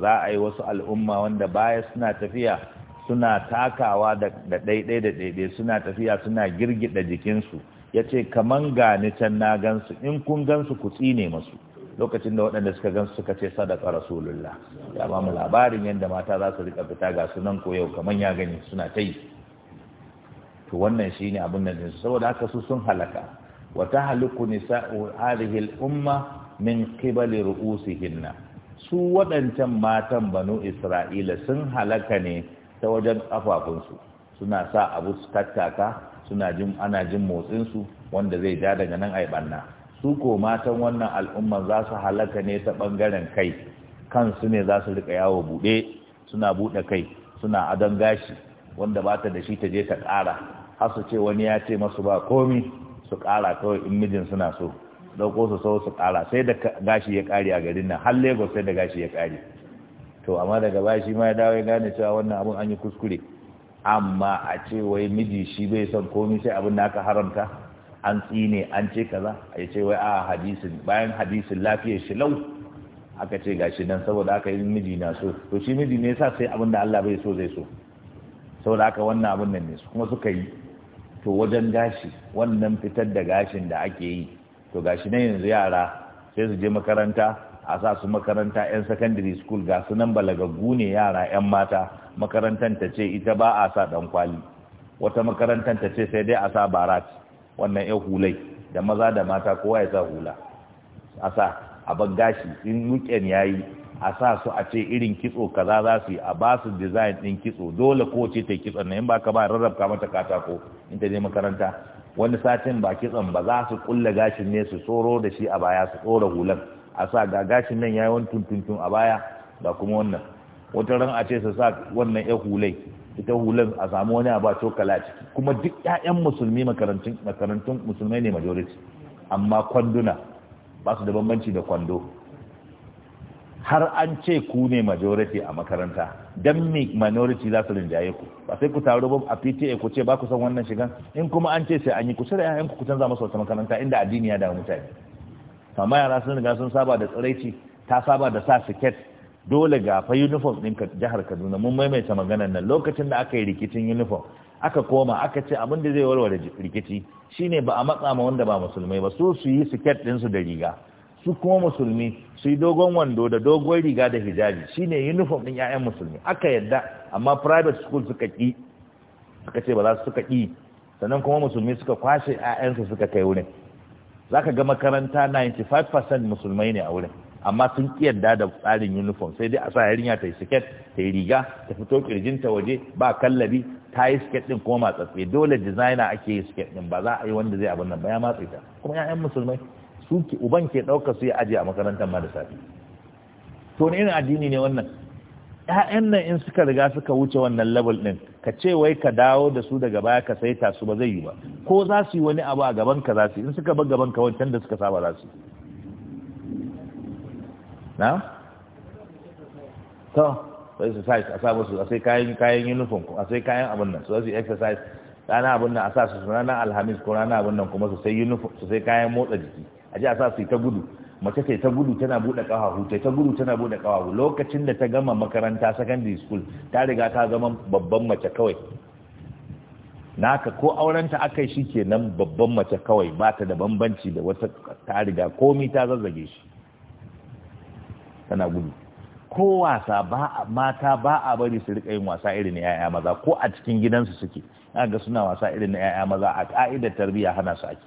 za a yi wasu al'umma wanda baya suna tafiya suna takawa da ɗaiɗai da ɗaiɗai suna tafiya suna girgida jikinsu ya ce kaman gani can na gansu in kun gansu ku tsine masu lokacin da waɗanda suka gansu suka ce sadaka rasulullah ya ba mu labarin yadda mata za su riƙa fita ga su nan ko yau kaman ya gani suna ta yi to wannan shine abin da saboda haka su sun halaka wa نساء nisa'u الأمة من umma min su waɗancan matan banu Isra'ila sun halaka ne ta wajen kafafunsu suna sa abu su tattaka suna jin ana jin motsin su wanda zai ja daga nan ai banna su ko matan wannan al'umma za su halaka ne ta ɓangaren kai kansu ne za su rika yawo buɗe, suna buɗe kai suna adon gashi wanda ba ta da shi ta je ta ƙara har su ce wani ya ce masu ba komi su ƙara kawai in mijin suna so ɗauko su sau su ƙara sai da gashi ya ƙari a garin nan har lagos sai da gashi ya ƙari to amma daga baya shi ma ya dawo ya gane cewa wannan abun an yi kuskure amma a ce wai miji shi bai son komi sai abin da aka haramta an tsine an ce kaza a ce wai a hadisin bayan hadisin lafiyar shi lau aka ce gashi nan saboda aka yi miji na so to shi miji ne sa sai abin da Allah bai so zai so saboda aka wannan abin nan ne kuma suka yi to wajen gashi wannan fitar da gashin da ake yi to gashi na yanzu yara sai su je makaranta a sa su makaranta 'yan secondary school ga su nan balagaggu ne yara 'yan mata makarantar ta ce ita ba a sa dan kwali wata makarantar ta ce sai dai a sa barat wannan 'yan hulai da maza da mata kowa ya sa hula a sa a gashi in weekend yayi a sa su a ce irin kitso kaza za su yi a ba su design ɗin kitso dole ko ce ta kitson na in ba ka ba rarrabka mata katako in ta je makaranta wani satin ba kitson ba za su kulla gashin ne su tsoro da shi a baya su tsora hulan a sa ga gashin nan yayi wani tuntuntun a baya ba kuma wannan wata ran a ce su sa wannan ya hulai ita hulan a samu wani a ba cokala a ciki kuma duk 'ya'yan musulmi makarantun musulmai ne majority amma kwanduna ba su da bambanci da kwando har an ce ku ne majority a makaranta don me minority za su rinjaye ku ba sai ku taru ba a PTA ku ce ba ku san wannan shigan in kuma an ce sai an yi ku shirya yayan ku canza masa wata makaranta inda addini ya damu mutane amma yara sun riga sun saba da tsiraici ta saba da sa siket dole ga fa uniform din jihar Kaduna mun maimaita maganar nan lokacin da aka yi rikicin uniform aka koma aka ce abin da zai warware rikici shine ba a matsa ma wanda ba musulmai ba so su yi siket su da riga su kuma musulmi su yi dogon wando da dogon riga da hijabi shi shine uniform din 'ya'yan musulmi aka yadda amma private school suka ki suka ce ba za su suka ki sannan kuma musulmi suka kwashe 'ya'yansu suka kai wurin zaka ga makaranta 95% musulmai ne a wurin amma sun ki yadda da tsarin uniform sai dai a sa yarinya ta yi siket ta yi riga ta fito ta waje ba kallabi ta yi siket din kuma matsatsi dole designer ake yi siket din ba za a yi wanda zai abin nan ba ya matsi ta kuma ƴaƴan musulmai suke uban ke ɗauka su ya aje a makarantar ma da safe to ne irin addini ne wannan ƴaƴan nan in suka riga suka wuce wannan level ɗin ka ce wai ka dawo da su daga baya ka saita su ba zai yi ba ko za su yi wani abu a gaban ka za su in suka bar gaban ka wancan da suka saba za su na to sai su sai a sa musu a sai kayan kayan uniform a sai kayan abin nan su za su exercise rana abin nan a sa su ranar alhamis ko rana abin nan kuma su sai uniform su sai kayan motsa jiki a ji a sa su ta gudu mace ta ta gudu tana buɗe kawahu ta ta gudu tana buɗe kawahu lokacin da ta gama makaranta secondary school ta riga ta zama babban mace kawai naka ko aurenta aka yi shi kenan babban mace kawai ba ta da bambanci da wata ta riga komai ta zazzage shi tana gudu ko wasa ba mata ba a bari su rika yin wasa irin na yaya maza ko a cikin gidansu suke ga suna wasa irin na yaya maza a ka'idar tarbiyya hana su ake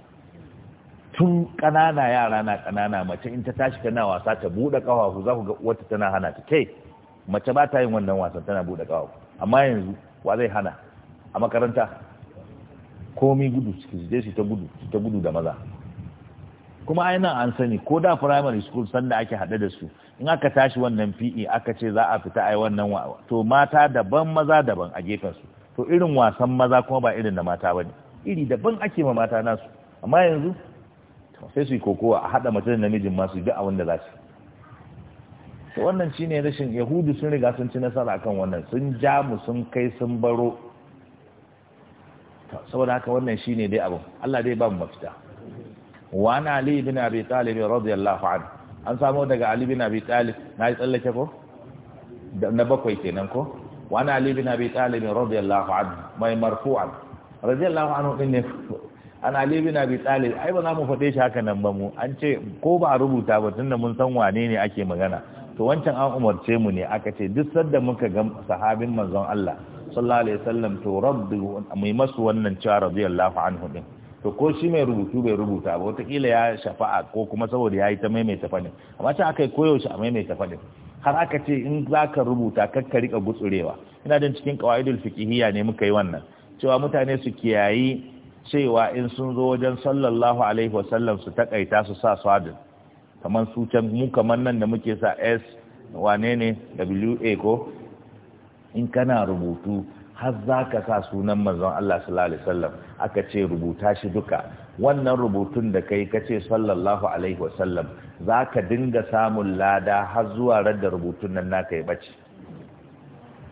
tun ƙanana yara na ƙanana mace in ta tashi tana wasa ta buɗe ƙafafu za ku ga wata tana hana ta kai mace ba ta yin wannan wasan tana buɗe ƙafafu amma yanzu wa zai hana a makaranta komi gudu su je su ta gudu su ta gudu da maza kuma ai nan an sani ko da primary school sanda ake haɗe da su in aka tashi wannan PE aka ce za a fita ai wannan wa to mata daban maza daban a gefen su to irin wasan maza kuma ba irin da mata bane iri daban ake ma mata nasu amma yanzu sai su yi kokowa a haɗa mace da namijin masu duk a wanda za su wannan shi ne rashin yahudu sun riga sun ci nasara kan wannan sun ja mu sun kai sun baro saboda haka wannan shi ne dai abin allah dai ba mu mafita wani ali bin abi talib radiyallahu an an samo daga ali bin abi talib na yi tsallake ko na bakwai kenan ko wani ali bin abi talib radiyallahu an mai marfu'an radiyallahu an din ne Ana ali na abi talib ai ba za mu faɗe shi haka nan ba mu an ce ko ba a rubuta ba tunda mun san wane ne ake magana to wancan an umarce mu ne aka ce duk sadda muka ga sahabin manzon Allah sallallahu alaihi wasallam to rabbi mai masu wannan cewa radiyallahu anhu din to ko shi mai rubutu bai rubuta ba watakila ya shafa'a ko kuma saboda ya yi ta maimaita fadin amma sai aka koyo koyaushe a maimaita fadin har aka ce in za ka rubuta ka rika gutsurewa ina jin cikin qawaidul fiqhiyya ne muka yi wannan cewa mutane su kiyayi cewa in sun zo wajen sallallahu alaihi wasallam su takaita su sa swadin kamar su can mu kamar nan da muke sa s wane ne wa ko in kana rubutu har za ka sa sunan manzon Allah sallallahu alaihi wasallam aka ce rubuta shi duka wannan rubutun da kai ka ce sallallahu alaihi wasallam za ka dinga samun lada har zuwa radda rubutun nan naka ya bace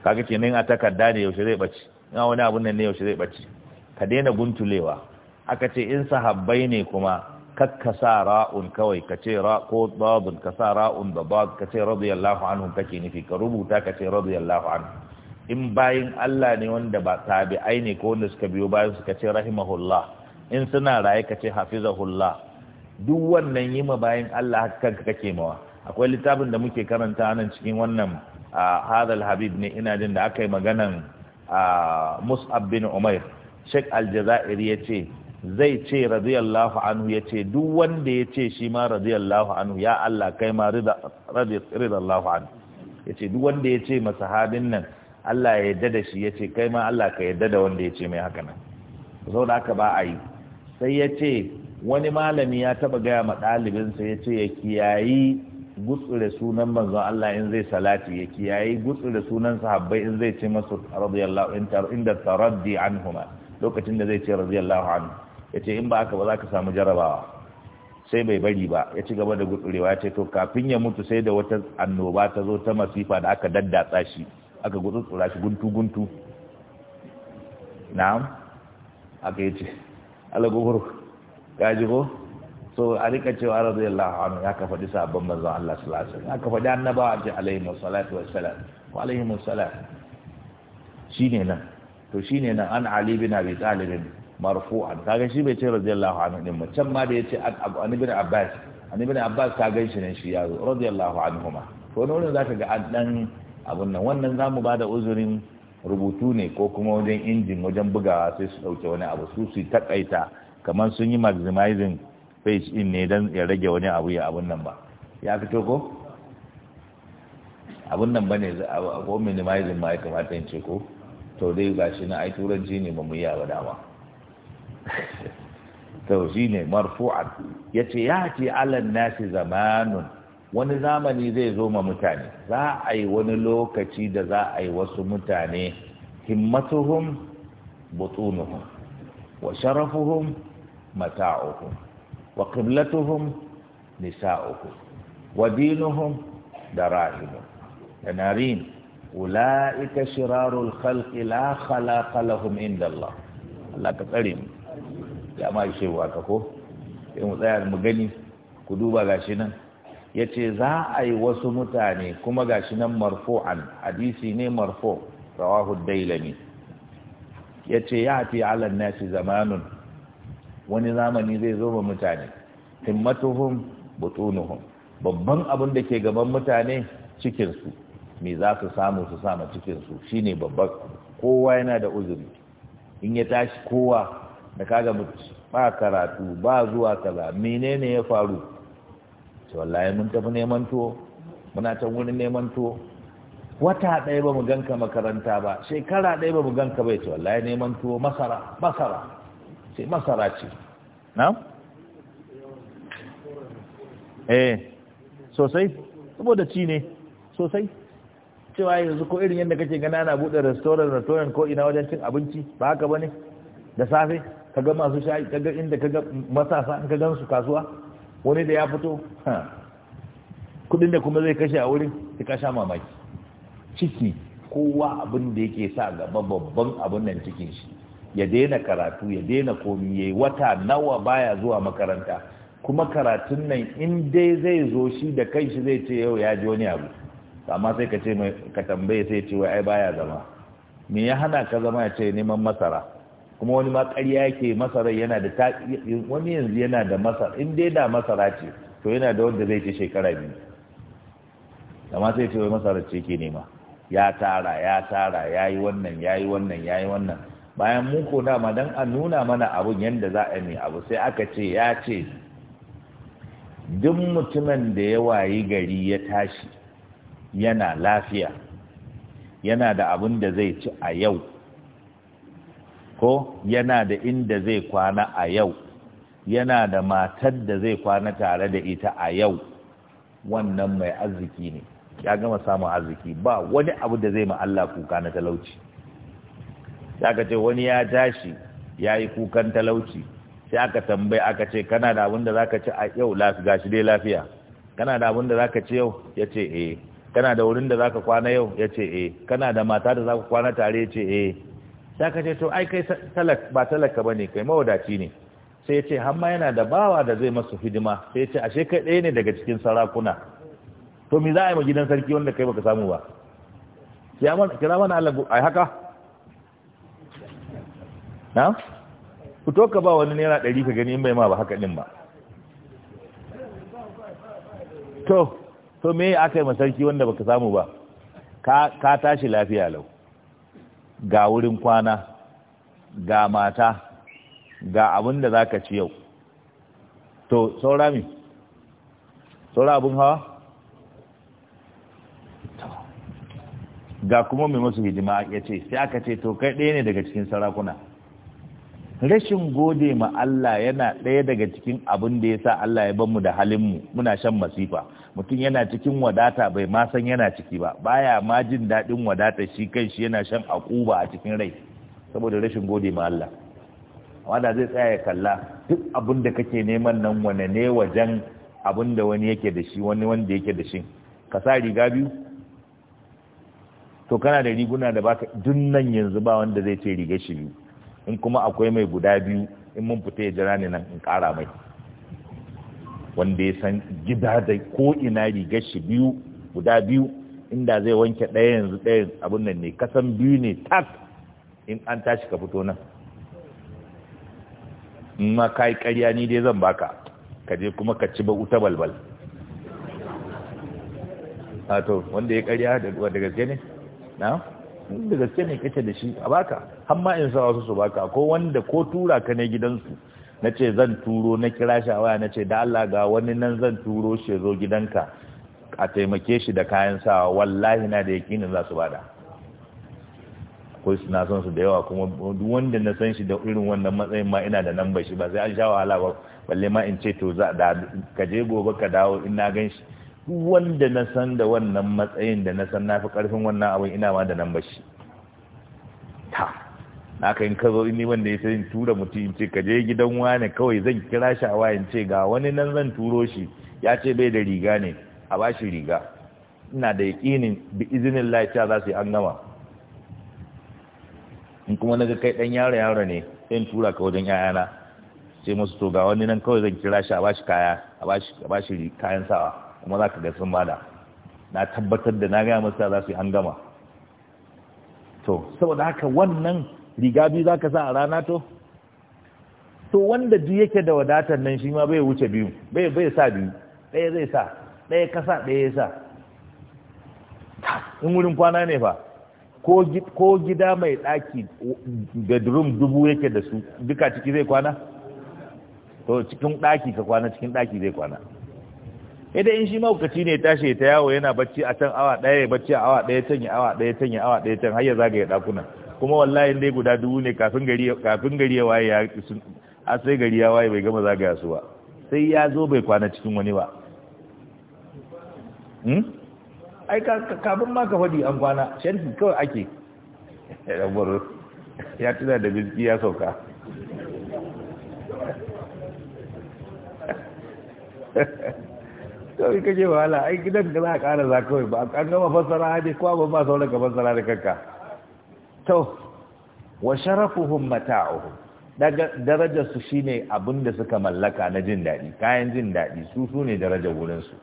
kaga kenan a takarda ne yaushe zai bace ina wani abun nan ne yaushe zai bace ka daina guntulewa aka ce in sahabbai ne kuma kakkasa ra'un kawai ka ce ko babun ka sa ra'un da babu ka ce radiyallahu anhu kake nufi ka rubuta ka ce radiyallahu anhu in bayin Allah ne wanda ba tabi'ai ne ko wanda suka biyo bayan suka ce rahimahullah in suna raye ka ce hafizahullah duk wannan yi ma bayan Allah kanka kake mawa akwai littafin da muke karanta nan cikin wannan hadal habib ne ina jin da aka yi maganan mus'ab bin umair Sheikh Aljazairi ya ce zai ce radiyallahu anhu ya ce duk wanda ya ce shi ma radiyallahu anhu ya Allah kai ma radiyallahu anhu ya ce duk wanda ya ce masahabin nan Allah ya yarda da shi ya ce kai ma Allah ka yarda da wanda ya ce mai haka nan sau da haka ba a yi sai ya ce wani malami ya taba gaya ma ɗalibinsa ya ce ya kiyayi gutsure sunan manzon Allah in zai salati ya kiyayi gutsure sunan sahabbai in zai ce masu radiyallahu inda taraddi anhuma lokacin da zai ce radiyallahu anhu yace in ba aka ba za ka samu jarabawa sai bai bari ba ya ci gaba da gutsurewa ya ce to kafin ya mutu sai da wata annoba ta zo ta masifa da aka daddatsa shi aka gutsutsura shi guntu guntu na'am aka yace alagubur ya ji ko so a rika cewa radiyallahu anhu ya ka faɗi sabon manzon Allah sallallahu alaihi wasallam ya ka faɗi annabawa alaihi wasallatu wassalam wa alaihi wassalam shine nan to shine nan an ali bin abi talib marfu'an kaga shi bai ce radiyallahu anhu din ba can ma da yace an ibn abbas an ibn abbas ka ganshi ne shi yazo radiyallahu anhuma to wani wurin zaka ga an dan abun nan wannan zamu bada uzurin rubutu ne ko kuma wajen injin wajen bugawa sai su dauke wani abu su su takaita kamar sun yi maximizing page in ne dan ya rage wani abu ya abun nan ba ya fito ko abun nan bane ko minimizing ma ya kamata in ce ko to dai ga shi na ai turanci ne ba mu yi ba dama to shi ne marfu'a ya ce ya ce alan nasi zamanun wani zamani zai zo ma mutane za a yi wani lokaci da za a yi wasu mutane himmatuhum butunuhum wa sharafuhum mata'uhum wa qiblatuhum nisa'uhum wa dinuhum darahimuhum danarin ula'ika shirarul khalqi la khalaqa lahum inda Allah Allah ka tsare mu ya ma shi wa ka ko sai mu tsaya mu gani ku duba gashi nan yace za a yi wasu mutane kuma gashi nan marfu'an hadisi ne marfu rawahu dailami yace fi ala nasi zamanun wani zamani zai zo ba mutane himmatuhum butunuhum babban abin da ke gaban mutane cikinsu me za su samu su sama cikinsu shi ne babban kowa yana da uzuri in ya tashi kowa da kaga mutu ba karatu ba zuwa kaza menene ya faru ce wallahi mun tafi neman tuwo muna can wurin neman tuwo wata ɗaya ba mu ganka makaranta ba shekara ɗaya ba mu ganka bai ce wallahi neman tuwo masara masara sai masara ce na? eh sosai saboda ci ne sosai cewa yanzu ko irin yadda kake gana na buɗe restaurant restaurant ko ina wajen cin abinci ba haka bane da safe kaga masu shayi kaga inda kaga matasa ka gan su kasuwa wani da ya fito kudin da kuma zai kashe a wurin sai ka sha mamaki ciki kowa abin da yake sa gaba babban abin nan cikin shi ya daina karatu ya daina komi yayi wata nawa baya zuwa makaranta kuma karatun nan in dai zai zo shi da kai shi zai ce yau ya ji wani abu amma sai ka ce mai ka tambaye sai ce wai ai baya zama me ya hana ka zama ya ce neman masara kuma wani ma ƙarya yake masara yana da ta wani yanzu yana da masara in dai da masara ce to yana da wanda zai ci shekara biyu amma sai ce wai masara ce ke nema ya tara ya tara ya yi wannan ya yi wannan ya yi wannan bayan mun ko dama don a nuna mana abun yadda za a yi abu sai aka ce ya ce duk mutumin da ya wayi gari ya tashi yana lafiya yana da abin da zai ci a yau ko yana da inda zai kwana a yau yana da matar da zai kwana tare da ita a yau wannan mai arziki ne ya gama samun arziki ba wani abu da zai Allah kuka na talauci aka ce wani ya tashi ya yi kukan talauci sai aka tambaye aka ce kana da abin da za ka ci a yau gashi dai lafiya kana da abin da za ka ci yau ya ce eh kana da wurin da za ka kwana yau ya ce eh kana da mata da za ka kwana tare ya ce eh sai ka ce to ai kai ba talaka bane kai mawadaci ne sai ya ce hamma yana da bawa da zai masu hidima sai ya ce ashe kai ɗaya ne daga cikin sarakuna to me za a yi ma gidan sarki wanda kai baka samu ba kira mana Allah ai haka na fito ka ba wani naira ɗari ka gani in bai ma ba haka ɗin ba to to me aka yi masarki wanda baka samu ba ka tashi lafiya lau ga wurin kwana ga mata ga abin da za ka ci yau to saura mi saura abin hawa ga kuma mai masu hijima ya ce sai aka ce to kai ɗaya ne daga cikin sarakuna rashin gode ma Allah yana ɗaya daga cikin abin da ya sa Allah ya mu da halinmu muna shan masifa mutum yana cikin wadata bai ma san yana ciki ba baya ma jin daɗin wadata shi kan shi yana shan akuba a cikin rai saboda rashin gode ma Allah wanda zai tsaya ya kalla duk abin da kake neman nan wane ne wajen abin da wani yake da shi wani wanda yake da shi ka sa riga biyu to kana da riguna da baka dun nan yanzu ba wanda zai ce riga shi biyu in kuma akwai mai guda biyu in mun fita ya jira ni nan in ƙara mai wanda ya san gida da ko ina rigar shi biyu guda biyu inda zai wanke ɗaya yanzu ɗaya abin nan ne kasan biyu ne tak in an tashi ka fito nan in ma ka yi ƙarya ni dai zan baka ka je kuma ka ci ba wuta balbal wato wanda ya ƙarya da gaske ne na da gaske ne kake da shi a baka hamma in sa wasu su baka ko wanda ko tura ka ne gidansu na ce zan turo na kira shi a waya na ce da Allah ga wani nan zan turo shi zo gidanka a taimake shi da kayan sawa wallahi na da yakinin za su bada akwai su na son su da yawa kuma duk wanda na san shi da irin wannan matsayin ma ina da nan shi ba sai an sha wahala ba balle ma in ce to za da ka je gobe ka dawo in na gan shi duk wanda na san da wannan matsayin da na san na fi ƙarfin wannan abin ina ma da nan bashi ta na ka in kazo zo ni wanda ya sai in tura mutum in ce ka je gidan wani kawai zan kira shi a wayan ce ga wani nan zan turo shi ya ce bai da riga ne a ba shi riga ina da yaƙinin bi izinin lafiya za su yi an gama in kuma na ga kai ɗan yaro yaro ne sai in tura ka wajen 'ya'yana sai musu to ga wani nan kawai zan kira shi a ba shi kaya a ba shi kayan sawa kuma za ka ga sun bada na tabbatar da na gaya masa za su yi hangama to saboda haka wannan riga biyu za ka sa a rana to to wanda ji yake da wadatar nan shi ma bai wuce biyu bai bai sa biyu ɗaya zai sa ɗaya kasa ɗaya ya sa in wurin kwana ne fa ko gida mai ɗaki bedroom dubu yake da su duka ciki zai kwana to cikin ɗaki ka kwana cikin ɗaki zai kwana idan in shi maukaci ne tashi ta yawo yana bacci a can awa ɗaya bacci a awa ɗaya can ya awa ɗaya can ya awa ɗaya can har ya zagaya ɗakuna kuma wallahi dai guda dubu ne kafin gari ya waye ya a sai gari ya waye bai gama zagaya su ba sai ya zo bai kwana cikin wani ba hmm? ai kafin ma ka faɗi an kwana shanti kawai ake [laughs] ya tuna da biski ya sauka Ha ha ha. kawai je wahala ai gidan da za a ƙara za kawai ba an gama fassara hadis kuwa ba ba sauran ka fassara da kanka to wa sharafuhum mata'uhum daga darajar su shine abin da suka mallaka na jin daɗi kayan jin daɗi su su ne darajar wurin su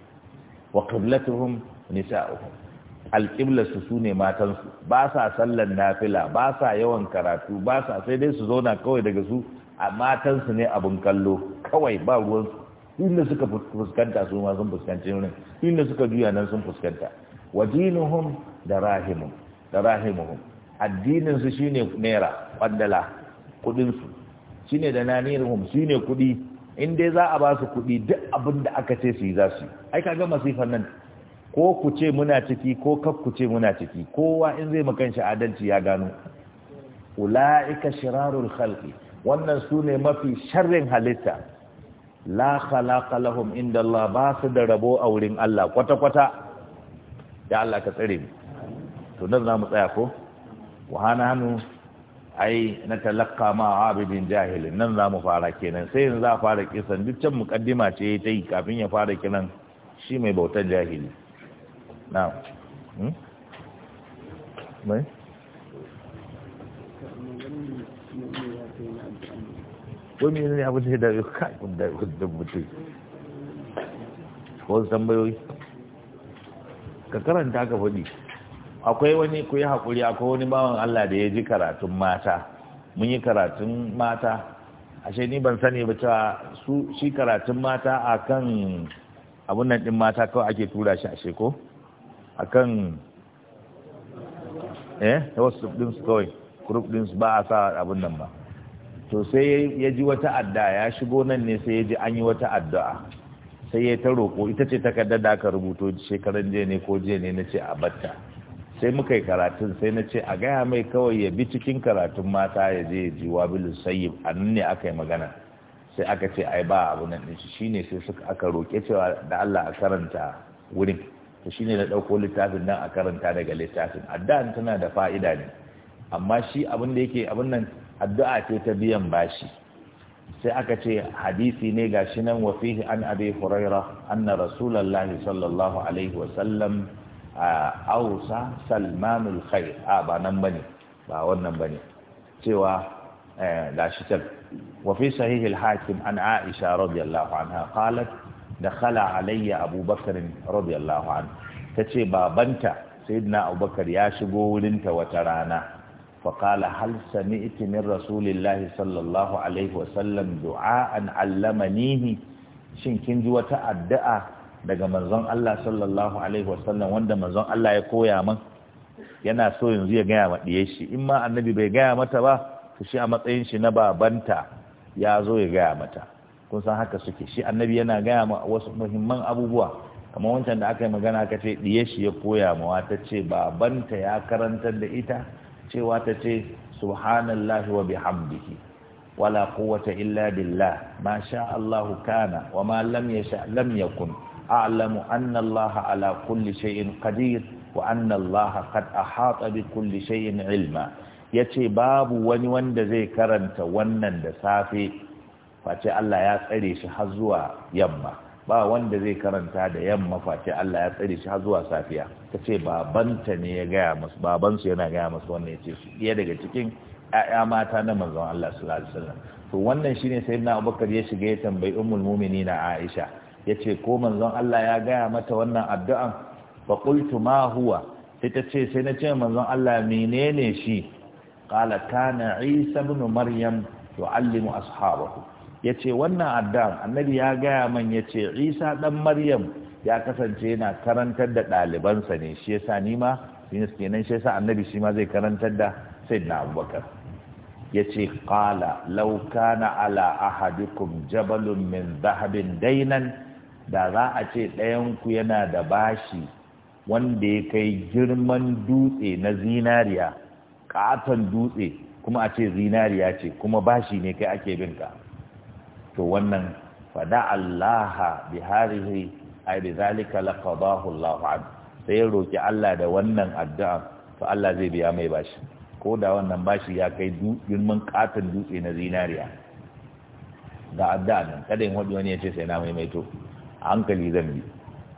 wa qiblatuhum nisa'uhum alqibla su su ne matan su ba sa sallan nafila ba sa yawan karatu ba sa sai dai su zauna kawai daga su a matan su ne abin kallo kawai ba ruwan su inda suka fuskanta su ma sun fuskanci wurin inda suka juya nan sun fuskanta wa da rahimuhum da addinin su shine naira kwandala kudin su shine da nanirhum shine kudi in dai za a ba su kudi duk abin da aka ce su yi za su ai kaga masifan nan ko ku ce muna ciki ko kak ku ce muna ciki kowa in zai maka shi adalci ya gano ula'ika shirarul khalqi wannan sune mafi sharrin halitta la khalaqa lahum inda Allah ba su da rabo a wurin Allah kwata-kwata da Allah ka tsare mu to nan za mu tsaya ko wa hananu ai na talakka ma abidin jahilin nan za mu fara kenan sai yanzu za a fara kisan duk can mukaddima ce ta yi kafin ya fara kiran shi mai bautan jahili na'am hmm? mai ko mene ne abin da ya dame kai da mutu mutum ko tambayoyi ka karanta ka faɗi akwai wani ku yi haƙuri akwai wani bawan Allah da ya ji karatun mata mun yi karatun mata ashe ni ban sani ba cewa su shi karatun mata a kan abunan ɗin mata kawai ake tura shi sheko a kan eh wasu din su kawai group ba a sa abunan nan ba to sai ya ji wata adda ya shigo nan ne sai ya ji an yi wata addu'a sai ya ta roƙo ita ce takardar da aka rubuto shekaran jiya ne ko jiya ne na ce a batta sai muka yi karatun sai na ce a gaya mai kawai ya bi cikin karatun mata ya je ya ji wabilu sayyib a nan ne aka yi magana sai aka ce ai ba abu nan shi ne sai suka aka roƙe cewa da Allah a karanta wurin to shine na ɗauko littafin nan a karanta daga littafin adda tana da fa'ida ne amma shi abin da yake abin nan addu'a ce ta biyan bashi sai aka ce hadisi ne gashi nan wa an abi huraira anna rasulullahi sallallahu alaihi wasallam ausa salmanul khair a ba nan bane ba wannan bane cewa eh, gashi can wa sahihil hakim an aisha radiyallahu anha qalat dakhala alayya abubakar radiyallahu anhu tace babanta sayyidina abubakar ya shigo wurinta wata rana فقال هل سمعت من رسول الله صلى الله عليه وسلم دعاء علمنيه shin kin ji wata addu'a daga manzon Allah sallallahu alaihi wasallam wanda manzon Allah ya koya min yana so yanzu ya gaya ma diye shi in ma annabi bai gaya mata ba to shi a matsayin shi na babanta ya zo ya gaya mata kun san haka suke shi annabi yana gaya ma wasu muhimman abubuwa kamar wancan da aka yi magana aka ce diye shi ya koya ma wata ce babanta ya karantar da ita cewa ta ce subhanallahi wa bihamdihi wala quwwata illa billah ma sha Allahu kana wa ma lam yasha lam yakun a'lamu anna Allah ala kulli shay'in qadir wa anna Allah qad ahata bi kulli shay'in ilma yace babu wani wanda zai karanta wannan da safe face Allah ya tsare shi har zuwa yamma ba wanda zai karanta da yamma face Allah ya tsare shi har zuwa safiya ta ce babanta ne ya gaya masu babansu yana gaya masu wannan ya ce su ɗaya daga cikin ‘ya'ya mata na manzon Allah sallallahu alaihi to wannan shine sai na abubakar ya shiga ya tambayi ummul na Aisha ya ce ko manzon Allah ya gaya mata wannan addu'an fa qultu ma huwa sai ta ce sai na ce manzon Allah menene shi qala kana Isa ibn Maryam yu'allimu ashabahu ya ce wannan addan annabi ya gaya man ya ce isa ɗan maryam ya kasance yana karantar da ɗalibansa ne shi ya sa ni ma kenan shi sa annabi shi ma zai karantar da na abubakar ya ce ƙala na ala ahadikum jabalun min zahabin dainan da za a ce ɗayanku yana da bashi wanda ya kai girman dutse na zinariya ƙaton dutse kuma a ce zinariya ce kuma bashi ne kai ake binka to wannan fada allaha bi harihi ay bi zalika Allahu an sai roki Allah da wannan addu'a to Allah zai biya mai bashi ko da wannan bashi ya kai girman katin dutse na zinariya ga addu'a nan kada in wadi wani ya ce sai na maimaito a hankali zan bi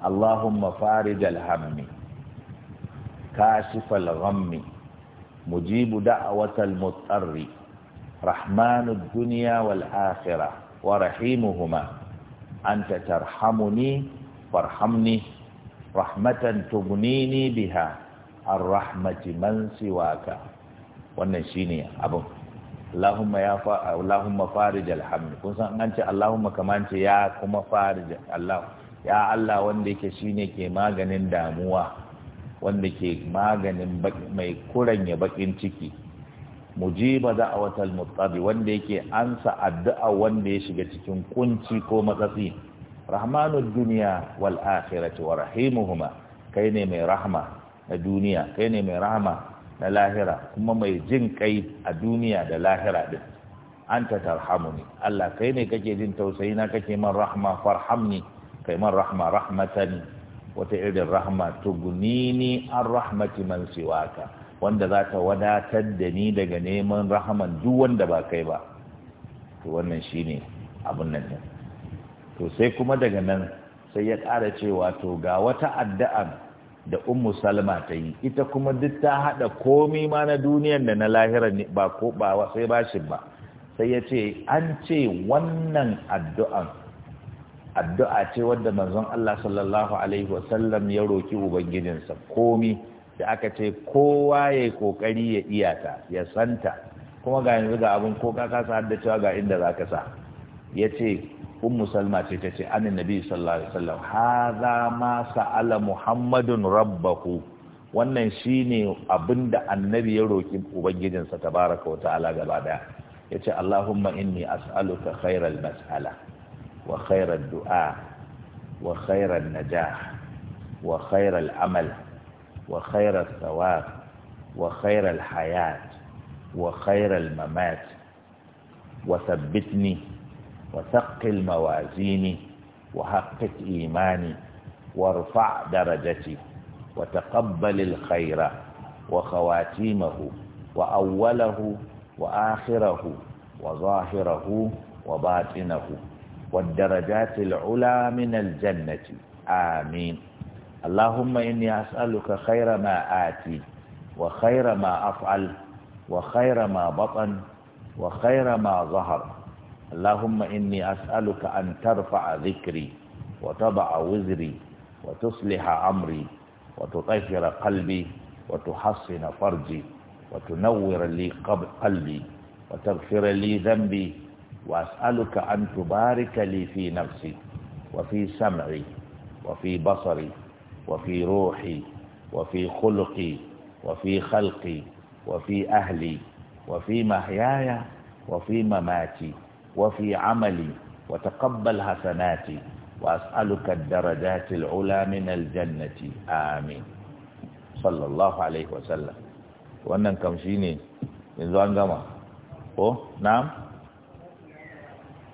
Allahumma farijal hammi kashifal ghammi mujibu da'awatal mutarri rahmanud duniya wal akhirah wa rahimuhuma anta tarhamuni farhamni rahmatan tughnini biha ar-rahmati man siwaka wannan shine abun Allahumma ya fa Allahumma farij alhamd kun san an ce Allahumma kaman ce ya kuma farij Allah ya Allah wanda yake shine ke maganin damuwa wanda ke maganin mai kuranya bakin ciki mujiba da'awatal muttabi wanda yake ansa addu'a wanda ya shiga cikin kunci ko matsatsi rahmanud duniya wal akhirati wa rahimuhuma kai ne mai rahma na duniya kai ne mai rahma na lahira kuma mai jin kai a duniya da lahira din anta tarhamuni Allah kai ne kake jin tausayi na kake man rahma farhamni kai man rahma rahmatani, wata irin rahma tugunini an rahmati man siwaka wanda za ta wadatar da ni daga neman rahaman duk wanda ba kai ba to wannan shi ne abin nan to sai kuma daga nan sai ya ƙara cewa to ga wata addu'a da ummu salma ta yi ita kuma duk ta haɗa komi ma na duniyan da na lahirar ba ko ba sai bashin ba sai ya ce an ce wannan addu'an addu'a ce wadda manzon Allah sallallahu alaihi wasallam ya roki ubangijinsa komi da aka ce kowa ya yi kokari ya iya ta ya santa kuma ga yanzu ga abin ko ka kasa da cewa ga inda za ka sa ya ce un salma ce ta ce anin nabi sallallahu alaihi wasallam hadha ma sa'ala muhammadun rabbahu wannan shine abin da annabi ya roki ubangijinsa baraka wa ta'ala gaba daya yace allahumma inni as'aluka khairal mas'ala wa khairal du'a wa khairal najah wa khairal amal وخير الثواب وخير الحياة وخير الممات وثبتني وثقل موازيني وحقق إيماني وارفع درجتي وتقبل الخير وخواتيمه وأوله وآخره وظاهره وباطنه والدرجات العلى من الجنة آمين اللهم إني أسألك خير ما آتي وخير ما أفعل وخير ما بطن وخير ما ظهر اللهم إني أسألك أن ترفع ذكري وتضع وزري وتصلح أمري وتطهر قلبي وتحصن فرجي وتنور لي قلبي وتغفر لي ذنبي وأسألك أن تبارك لي في نفسي وفي سمعي وفي بصري وفي روحي وفي خلقي وفي خلقي وفي أهلي وفي محياي وفي مماتي وفي عملي وتقبل حسناتي وأسألك الدرجات العلى من الجنة آمين صلى الله عليه وسلم wannan kamshi ne yanzu an gama ko na'am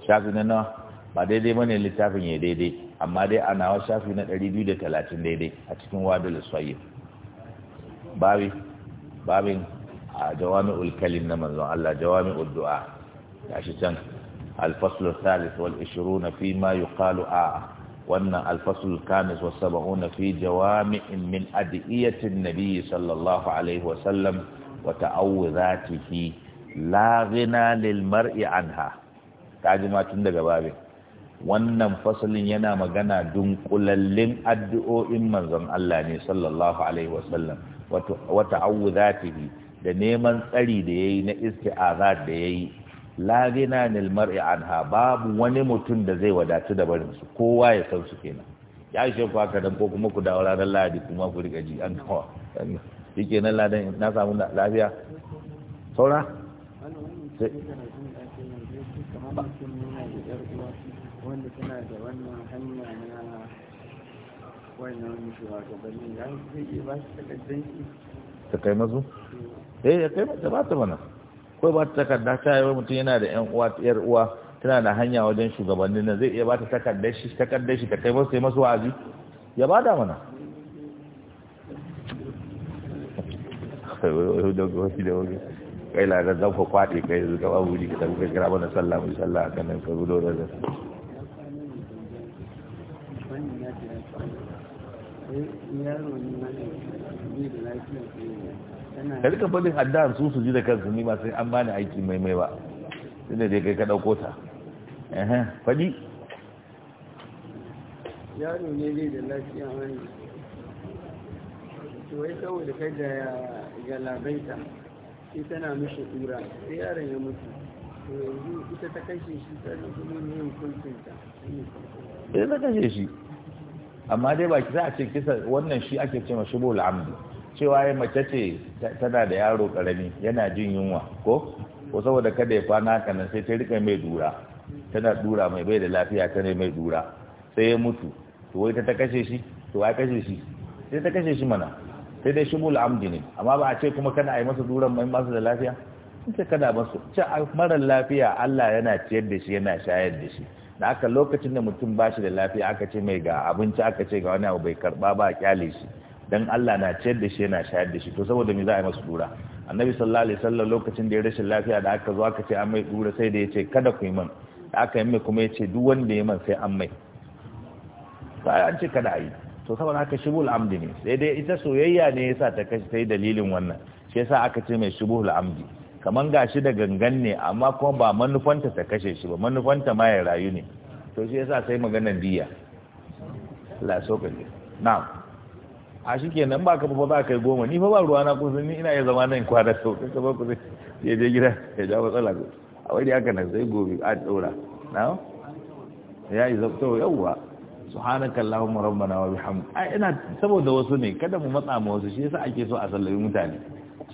shafi na ba daidai bane littafin ya daidai amma dai a nawa shafi na 230 daidai a cikin wadula swayin babin babin a jawami ulkalin na manzon Allah jawami uddu'a ya shi can alfasul thalith wal na fi ma yi kalu wannan alfasul kanis wa saba'u na fi jawami in min adi'iyatin nabi sallallahu alaihi wasallam wata auwe za ta fi laghina lilmar'i an ha ta jima tun daga babin wannan fasalin yana magana dunkulallin addu'o'in manzon Allah ne sallallahu alaihi wasallam wata awuzatihi da neman tsari da yayi na azad da yayi la gina nil mar'i anha babu wani mutum da zai wadatu da barin su kowa ya san su kenan ya ishe ku haka dan ko kuma ku dawo ranar Lahadi kuma ku rika ji an kawa yake nan ladan na samu lafiya saura wanda tana da wannan hanya na wannan shugabannin ya zai iya ba su takardun shi ta kai mazu eh ya kai mata ba ta mana ko ba ta takarda ta yi wani mutum yana da yan uwa yar uwa tana da hanya wajen shugabanni na zai iya ba ta takardar shi takardar shi ta kai masu sai masu wa'azi ya da mana kai lagar da zan kwaɗe kai zuwa babu ne ka tafi kai kira mana sallah mai sallah a kanan ka gudu da zai ka rika fadin addan su su ji da kansu ni ba sai an bani aiki mai mai ba inda dai kai ka ɗauko ta faɗi yaro ne zai da lafiya wani to wai saboda kai da labaita sai tana mishi ƙura sai yaron ya mutu to yanzu ita ta kashe shi sannan kuma ne hukuncinta sai ta kashe shi amma dai ba za a ce kisa wannan shi ake cewa shubul al'amdi cewa ya mace ce tana da yaro karami yana jin yunwa ko ko saboda kada ya kwana haka nan sai ta rika mai dura tana dura mai bai da lafiya ta ne mai dura sai ya mutu to wai ta ta kashe shi to wai kashe shi sai ta kashe shi mana sai dai shubul al'amdi ne amma ba a ce kuma kana a yi masa duran mai masu da lafiya in ce kada masu ce mara lafiya Allah yana ciyar da shi yana shayar da shi da aka lokacin da mutum ba shi da lafiya aka ce mai ga abinci aka ce ga wani abu bai karba ba a kyale shi don Allah na ciyar da shi yana shayar da shi to saboda me za a yi masu dura annabi sallallahu alaihi wasallam lokacin da ya rashin lafiya da aka zo aka ce an mai dura sai da ya ce kada ku yi man da aka yi mai kuma ya ce duk wanda ya man sai an mai ba an ce kada yi to saboda haka shibul amdi ne sai dai ita soyayya ne yasa ta kashi sai dalilin wannan shi yasa aka ce mai shibul amdi kaman shi da gangan ne amma kuma ba manufanta ta kashe shi ba manufanta ma ya rayu ne to shi yasa sai magana diya la so kaje na'am a shi kenan ba ka fa ba kai goma ni fa ba ruwa na kusa ni ina ya zama nan kwana to ka ba ku ya je gida ya ja matsala ko a wani haka nan sai gobe a dora na'am ya yi zabto yawwa subhanaka allahumma rabbana wa bihamdika ina saboda wasu ne kada mu matsa mu wasu shi yasa ake so a sallami mutane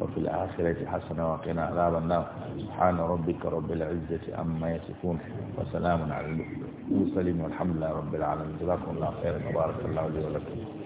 وفي الآخرة حسنة وقنا عذاب النار سبحان ربك رب العزة عما يصفون وسلام على المرسلين والحمد لله رب العالمين جزاكم الله خيرا وبارك الله لي ولكم